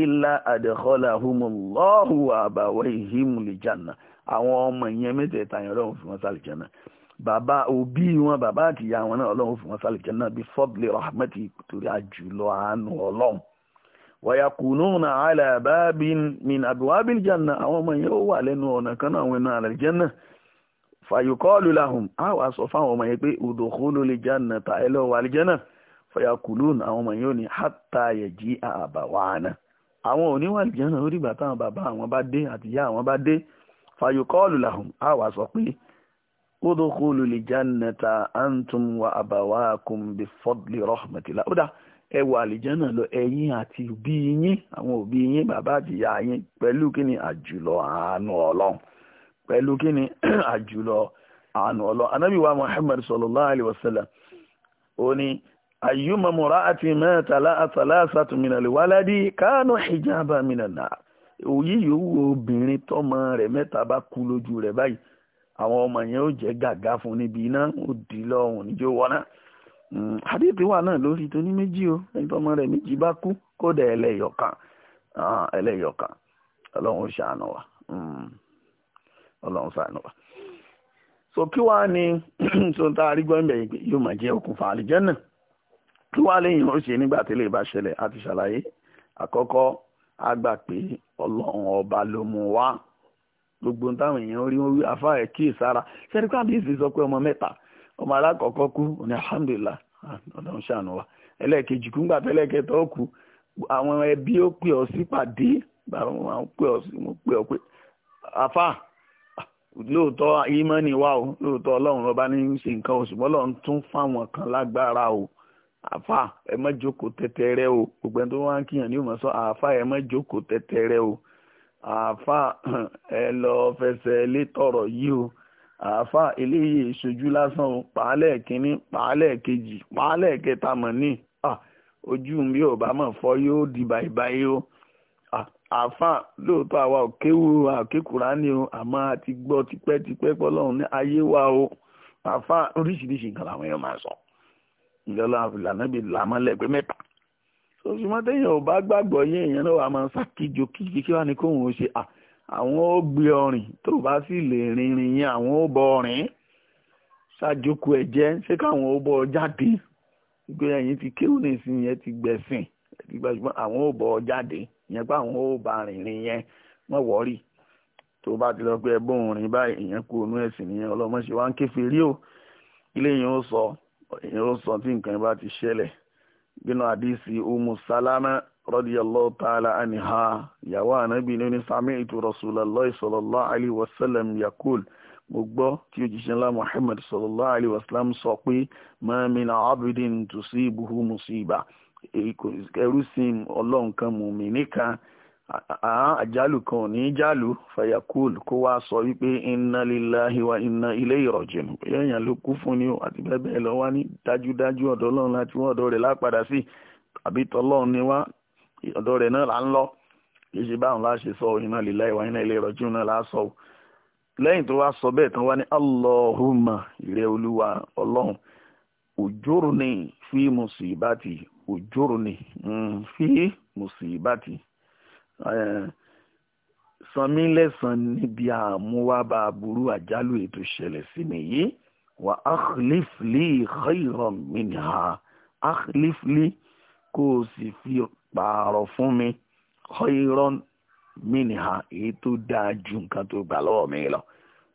ilá àdẹ̀kọ́láhùmùlọ́hù wa àbáwéhìmùlì jannata àwọn ọmọ ìyẹn mẹ́tẹ̀ẹ̀ta yẹn ọlọ́run fi wọn sí àlìjẹ́nà bàbá òbí wọn bàbá àtìyá wọn náà ọlọ́run fi wọn sí àlìjẹ́nà bí fọ́bìlì rahmati torí àjùlọ àánú ọlọ́run wàyàkùnúnà àlàbábìn àbíwábìn jàǹnà àwọn ọmọ yẹn ó wà lẹ́nu ọ̀nà kan náà àwọn ẹ̀nà àlìjẹ́nà fàyùkọ́ọ̀lù làhùn á wàá sọ fáwọn ọmọ yẹn pé udkhulu lè jàǹnà tà ẹ lọ́wọ́ àlìjẹ́nà fàyàkùnún àwọn ọmọ yẹn ò ní hatta yẹ̀jí àbàwánà àwọn oníwà àlìjẹ́nà ó dìgbà táwọn bàbá àwọn bá dé àtìyá àwọn bá dé fàyòkọ́ọ̀lù làhùn á wà sọ pé udkhulu l-jannata antum wa abawakum bi fadli rahmatillah ó dá ẹ wọ àlìjánà lọ ẹ̀yin àti òbí yín àwọn òbí yín bàbá àtìyá yín pẹ̀lú kíni àjùlọ àánú ọlọ́run pẹ̀lú kíni àjùlọ àánú ọlọ́run anábì wa muhammad sallallahu alayhi wa sallam ó ní ayyuma mura'atin mata laha thalathatun min al-waladi kanu hijaban min an-nar òyì yòówù obìnrin tọmọ rẹ̀ mẹ́ta bá kú lójú rẹ̀ báyìí àwọn ọmọ yẹn ó jẹ́ gàgá fún níbi iná ó dì í lọ́rùn níjó wọná àdéhùn hmm, wà náà lórí tó ní méjì o ẹni tọmọ rẹ̀ méjì bá kú kódà ẹlẹ́yọ̀kan ah, ẹlẹ́yọ̀kan ọlọ́run ṣàánú wa hmm, ọlọ́run ṣàánú wa so kí wàá ní tó ń ta arígbọ́n ń bẹ̀yìn pé yóò máa jẹ́ okùnfà àlìjẹ́ náà kí wàá lẹ́yìn ó ṣe nígbà tí lè bá àti ṣàlàyé àkọ́kọ́ á gbà pé ọlọ́run ọba ló mú wá gbogbo táwọn èèyàn rí wọn wí afá ẹ̀ kí ìsára ṣẹ́ríkà àdìsí sọ pé ọmọ mẹ́ta ọmọ alákọ̀ọ́kọ́ kú ní alhamdulillah ah, ọlọ́run ṣàánú wa ẹlẹ́ẹ̀kejì kú ńgbà tẹ́lẹ̀kẹta ó kú àwọn ẹbí ó pè ọ́ sípàdé bàbá wọn pè ọ́ sí mo pè ọ́ pé afá lóòótọ́ ìmọ̀ ni wá o lóòótọ́ ọlọ́run ọba ní ṣe nǹkan oṣù mọ́lọ́run tún fáwọn kan lágbára o àfà ẹ má jókòó tẹ́tẹ́rẹ́ o gbogbo ẹni tó wá ń kíyàn ní ìmọ̀ sọ àfà ẹ má jókòó tẹ́tẹ́rẹ́ o àfà ẹ lọ fẹsẹ̀ lé tọ̀rọ̀ yìí o àfà eléyìí ìṣojú lásán o pàálẹ̀ kínní pàálẹ̀ kejì pàálẹ̀ kẹta mọ̀ ní ojú mi ò bá mọ̀ fọ́ yóò di báyìí o àfà lóòótọ́ àwa ò kéwu àkékùrá ni o àmọ́ a ti gbọ́ tipẹ́tipẹ́ pọ́lọ́run ní ayé wa o àfà oríṣiríṣi nǹkan làwọn èèyàn máa sọ ìjọba ànábì làmọ́lẹ̀ pé mẹ́ta sọ́sùmọ́ téèyàn ò bá gbàgbọ́ yé èèyàn náà wà máa ṣàkíjò kíkí kí wàá ní kóhùn ó ṣe à àwọn ó gbé ọrìn tó bá sì lè rìnrìn yẹn àwọn ó bọ ọrìn ṣàjòkó ẹ jẹ ṣé káwọn ó bọ jáde gbé ẹyin ti kéwù nìsín yẹn ti gbẹ̀sìn ti gbàgbọ́ àwọn ó bọ jáde yẹn pé àwọn ó bá rìnrìn yẹn wọ́n wọ́ọ̀rì tó bá ti lọ pé ẹ bóun rìn báyìí ìyẹn kú onú ẹ̀sìn nìyẹn ọlọ́mọṣẹ́ wa ń kéferí o ilé yẹn ó sọ ìyẹn ó sọ tí nǹkan bá ti ṣẹlẹ̀ nínú àdísì umu salama radiyallahu ta'ala anha ìyàwó ànábì ní sami'tu rasulallah sallallahu alayhi wa sallam yakul mo gbọ́ tí òjíṣẹ́ ńlá muhammad sallallahu alayhi wa sallam sọ pé ma min abidin tusibuhu musiba ẹrú sí ọlọ́run mùmí nìkan Ah, àjálù kan n'ijalu ní jálù fayakul kó wá sọ wípé inna lillahi wa inna ilayhi rajiun èèyàn ló kú ni àti bẹ́ẹ̀ bẹ́ẹ̀ lọ daju ní dájúdájú ọlọ́run láti wọ́n ọ̀dọ́ rẹ̀ lápadà sí àbí tọ́lọ́run ni wá rẹ̀ náà là ń lọ kì í ṣe báwọn láṣẹ sọ inna lillahi wa inna ilayhi rajiun náà là sọ lẹ́yìn tó wá sọ bẹ́ẹ̀ tán wá ni fi musibati òjòrò ni mm, Eh, sanmi lẹ́sàn-án níbi àmúwábà burú àjálù ètò ìṣẹ̀lẹ̀ sí mi yìí wà akhlif li khayran minha akhlif li kó o sì fi pààrọ̀ fún mi khayran minha èyí tó dáa ju nǹkan tó gbà lọ́wọ́ mi lọ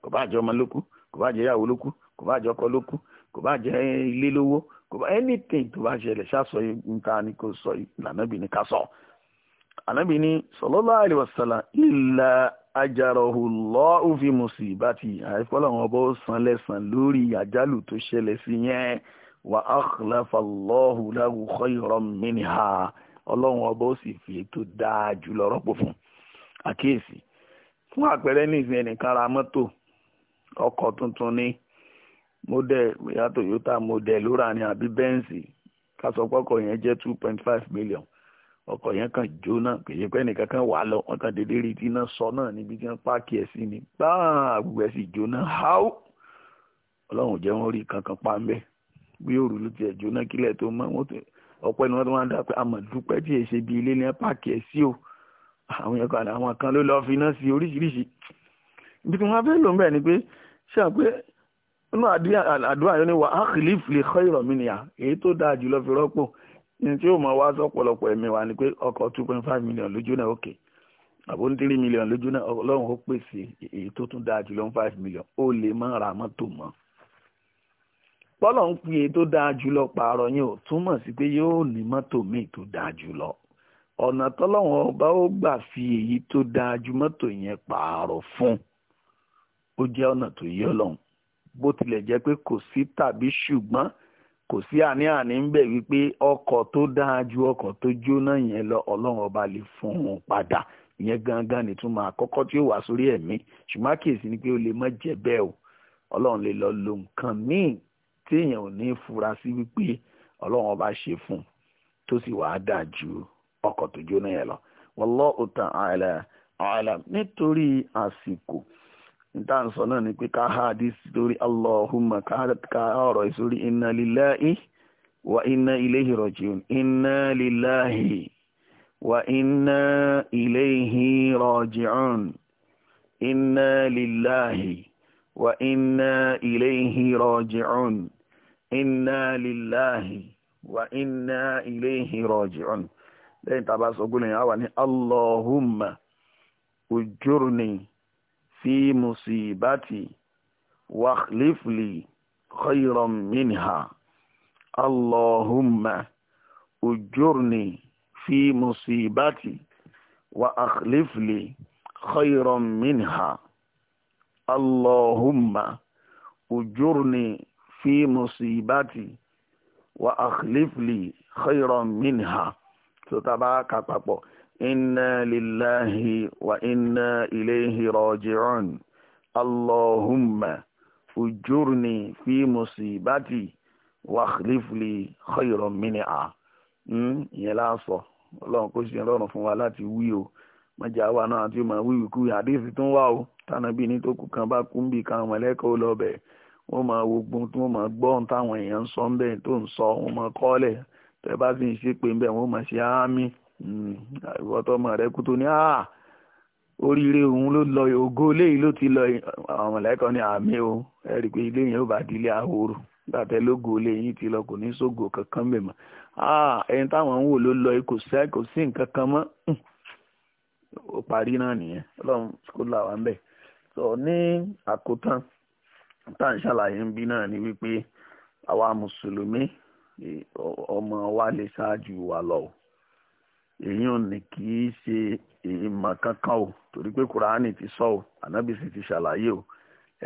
kò bá jẹ́ ọmọ lókù kò bá jẹ́ ìyàwó lókù kò bá jẹ́ ọkọ lókù kò bá jẹ́ ilé lówó kò bá anything tó bá ṣẹlẹ̀ ṣàṣọ yìí nǹkan ni kò sọ ìlànà bí ànábì ní sallallahu alaihi wasallam illa ajarahu Allahu fi musibati àìfọ́lọ́ wọn bó san lẹ́sàn lórí àjálù tó ṣẹlẹ̀ sí yẹn wa akhlafa Allahu lahu khayran minha ọlọ́run ọba ó sì fi ètò dáa jùlọ rọ́pò fún àkíyèsí fún àpẹẹrẹ ní ìsìn ẹnìkan ra mọ́tò ọkọ̀ tuntun ní model bóyá Toyota model ló rà ní àbí Benz kásọpọ́kọ̀ yẹn jẹ́ two point five million ọkọ̀ yẹn kàn jóná kìí pẹ́ nìkan kan wà lọ wọ́n kàn dédé rí tí iná sọ náà níbi tí wọ́n páàkì ẹ̀ sí ni gbáà gbogbo ẹ̀ sì jóná háù ọlọ́run jẹ́ wọ́n rí kankan pa ń bẹ́ bí òru ló tiẹ̀ jóná kílẹ̀ tó mọ́ wọ́n tún ọ̀pọ̀ ẹni wọ́n tó máa ń dà pé àmọ̀ tí èyí ṣe bí ilé ní páàkì ẹ̀ sí o àwọn yẹn kan àwọn kan ló lọ́ọ́ fi iná sí oríṣiríṣi ibi tí wọ́n fẹ́ lò ń bẹ̀ ni pé ṣé àpé nínú àdúrà yóò ní wà á kìlífì lè ní tí ó mọ̀ wá sọ́pọ̀lọpọ̀ ẹ̀mí wa ni pé ọkọ̀ two point five million lójú náà òkè àbó ní three million lójú náà ọlọ́run ó pèsè èyí tó tún dáa jù five million ó lè má ra mọ́tò mọ́ bọ́lọ̀ ń pè é tó dáa jù lọ pààrọ̀ yẹn ò túmọ̀ sí pé yóò ní mọ́tò míì tó dáa jù lọ ọ̀nà tọ́lọ́wọ́n ọba ó gbà fi èyí tó dáa ju mọ́tò yẹn pààrọ̀ fún ó jẹ́ ọ̀nà tó yẹ ọlọ́run bó tilẹ̀ jẹ́ pé kò sí tàbí ṣùgbọ́n kò sí àní-àní ń bẹ̀ wípé ọkọ̀ tó dáa ju ọkọ̀ tó jóná yẹn lọ ọlọ́run ọba lè fún un padà ìyẹn gangan nìtúmọ̀ àkọ́kọ́ tí ó wà sórí ẹ̀mí ṣùgbọ́n àkíyèsí ni pé ó lè má jẹ́ bẹ́ẹ̀ o ọlọ́run lè lọ lo nǹkan míì tí èèyàn ò ní fura sí wípé ọlọ́run ọba ṣe fún un tó sì wàá dáa ju ọkọ̀ tó jóná yẹn lọ wallahu ta'ala a'lam nítorí àsìkò níta ń sọ náà ni pé ká há àdísì lórí allahumma ká ọ̀rọ̀ ìsórí inna lillahi wa inna ilayhi rajiun inna lillahi wa inna ilayhi rajiun inna lillahi wa inna ilayhi rajiun inna lillahi wa inna ilayhi rajiun lẹ́yìn tá sọ gbólóyìn á wà ní allahumma ujurni fi musibati wakhlifli khayran minha allahumma ujurni fi musibati wa akhlifli khayran minha allahumma ujurni fi musibati wa akhlifli khayran minha tó tá a bá kà inna lillahi wa inna ilayhi raji'un allahumma ujurni fi musibati wa akhlifli khayran minha hmm? ìyẹn láàsọ ọlọ́run kó ṣe rọrùn fún wa láti wí o mọ̀jà wa náà àti mọ̀ wíwì kú àdéhùn tó ń wá o tànàbí ní tó kù kan bá kú ń bì kan àwọn ẹlẹ́kọ̀ọ́ lọ bẹ̀ wọ́n máa wo gbọ́n tí wọ́n máa gbọ́ táwọn èèyàn ń sọ ń bẹ̀ tó ń sọ wọ́n máa kọ́lẹ̀ tẹ́ bá sì ń ṣépè ń bẹ̀ wọ́n máa ṣe áámí Hmm. ìwọ tọmọ rẹ kú tó ní àá oríire òun ló lọ ògo léyìí ló ti lọ àwọn mọ̀lẹ́kọ̀ ní àmì o ẹ rí i pé ilé yẹn ó bá dilé ahoro gbàtẹ́ lógo léyìí ti lọ kò ní sógo kankan bẹ̀ mọ́ ẹni táwọn ń wò ló lọ kò sí kò sí nǹkan kan mọ́ hmm. ó parí náà nìyẹn ọlọ́run kó là wá ń bẹ̀ sọ ní àkótán tá à ń ṣàlàyé ń bí náà ni wípé àwa mùsùlùmí ọmọ wa lè ṣáájú wa lọ èyí ò ní kì í ṣe ìmọ̀ kankan o torí pé kùránì ti sọ o ànábì sì ti ṣàlàyé o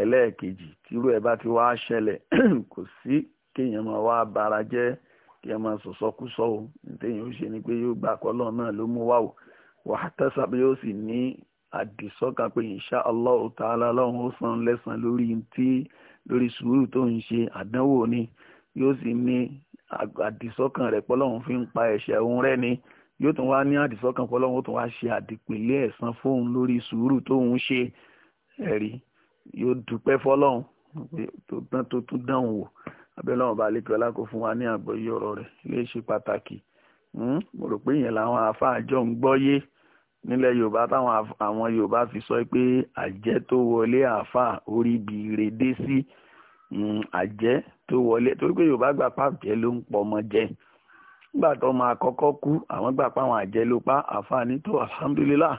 ẹlẹ́ẹ̀kejì tírú ẹ̀ bá ti wá ṣẹlẹ̀ kò sí kéèyàn máa wá bara jẹ́ kéèyàn máa sọ̀sọ́kúsọ o nítéèyàn ó ṣe ni pé yóò gbà kọ́lọ́ náà ló mú wá o wàá tẹ́sàbí yóò sì ní àdìsọ́kà pé insha Allah ta'ala lọ́hùn ó san lẹ́san lórí tí lórí sùúrù tó ń ṣe àdánwò ni yóò sì ní àdìsọ́kàn rẹ̀ pọ́lọ́hùn fi ń pa ẹ̀ṣẹ̀ òun rẹ́ ni yóò tún wá ní àdìsọ́kàn pọ̀ lọ́wọ́ tún wá ṣe àdìpèlé ẹ̀san fóun lórí sùúrù tóun ṣe ẹ̀rí yóò dúpẹ́ fọlọ́run tó dán tó tún dán wò abẹ́lẹ́wọ̀n bá lè kí ọlá kó fún wa ní àgbọ́yé ọ̀rọ̀ rẹ̀ lè ṣe pàtàkì hmm, mo rò pé ìyẹn làwọn àfáàjọ ń gbọ́yé nílẹ̀ yorùbá táwọn àwọn yorùbá fi sọ pé àjẹ́ tó wọlé àáfàá orí ibi ìrèdé sí hmm, àjẹ́ tó wọlé torí pé yorùbá gbà pàjẹ́ ló ń pọ̀ ọmọ jẹ́ nígbà tó máa kọ́kọ́ kú àwọn gbà pa àwọn àjẹ́ ló pa àfààní tó alhamdulillah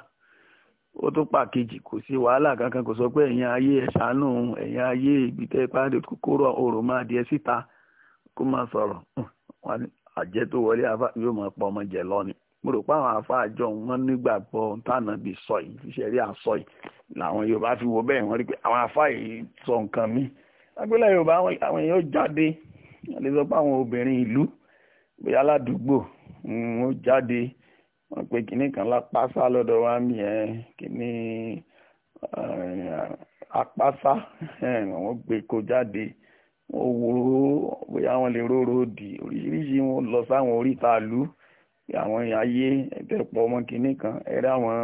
ó tó pa kejì kò sí wàhálà kankan kò sọ pé ẹ̀yin ayé ẹ̀ ṣàánú ẹ̀yin ayé ibi tẹ́ pa kókóró òrò máa di ẹ síta kó máa sọ̀rọ̀ àjẹ́ tó wọlé afá yóò máa pọ̀ ọmọ jẹ lọ́ni mo rò pé àwọn afá àjọ wọn nígbàgbọ́ tànà bí sọ yìí ṣiṣẹ́ rí àsọ yìí làwọn Yorùbá fi wo bẹ́ẹ̀ wọ́n rí pé àwọn afá yìí sọ nǹkan mi agbélẹ̀ Yorùbá àwọn èèyàn jáde wọ́n pé àwọn obìnrin ìlú bóyá aládùúgbò mm, ó jáde wọ́n pe kinní kan lápásá lọ́dọ̀ wa mi ẹ̀ kinní eh, apásá eh, wọ́n gbé kó jáde wọ́n wo bóyá wọ́n lè róró di oríṣiríṣi wọ́n lọ sáwọn oríta ìlú àwọn ayé ẹ̀tẹ̀pọ̀ ọmọ kinní kan ẹ̀rẹ́ àwọn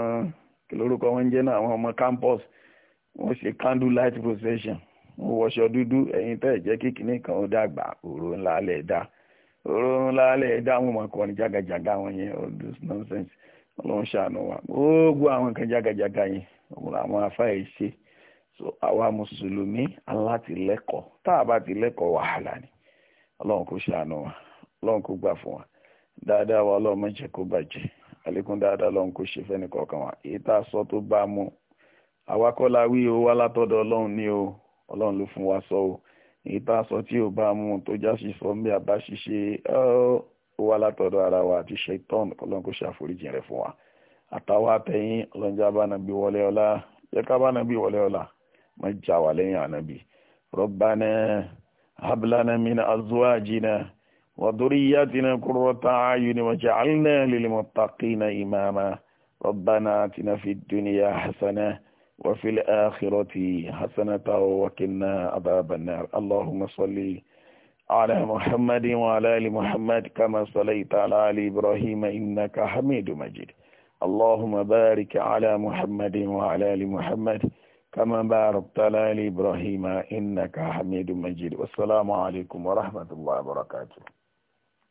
kí lórúkọ wọn ń jẹ́ náà àwọn ọmọ campus wọ́n ṣe candle light procession wọ́n wọṣọ dúdú ẹ̀yin tẹ́ ẹ̀ jẹ́ kí kinní kan ó dàgbà òru ńlá lẹ̀ dáa oorun lálẹ́ dáhùn máa kọrin jágajàga wọn yẹn all this nonsense ọlọ́run ṣàánú wa gbogbo àwọn nǹkan jágajàga yẹn òun làwọn afáyè ṣe so àwa mùsùlùmí alátìlẹ́kọ̀ọ́ tá a bá ti lẹ́kọ̀ọ́ wàhálà ni ọlọ́run kò ṣàánú wa ọlọ́run kò gbà fún wa dáadáa wa ọlọ́run má jẹ́ kó bàjẹ́ àlékún dáadáa ọlọ́run kò ṣe fẹ́ni kọ̀ọ̀kan wa èyí tá a sọ tó bá a mú àwa kọ́ la wí o wá látọ̀dọ̀ ọlọ́run ní o ọlọ́run ló fún wa sọ o. So, èyí tá a sọ tí ò bá mú tó já sí sọ ń bí a bá ṣiṣẹ́ ó wá látọ̀dọ̀ ara wa àti ṣetán ọlọ́run kó ṣàforíjì rẹ̀ fún wa àtàwọn àtẹ̀yìn ọlọ́njà bá nàbí wọlé ọlá jẹ́ ká bá nàbí wọlé ọlá má jà wà lẹ́yìn ànàbí rabbana hab lana min azwajina wa dhurriyyatina qurrata a'yunin waj'alna lil muttaqina imama rabbana atina fid dunya hasanah وفي الآخرة حسنة وكنا عذاب النار اللهم صل على محمد وعلى آل محمد كما صليت على آل إبراهيم إنك حميد مجيد اللهم بارك على محمد وعلى آل محمد كما باركت على آل إبراهيم إنك حميد مجيد والسلام عليكم ورحمة الله وبركاته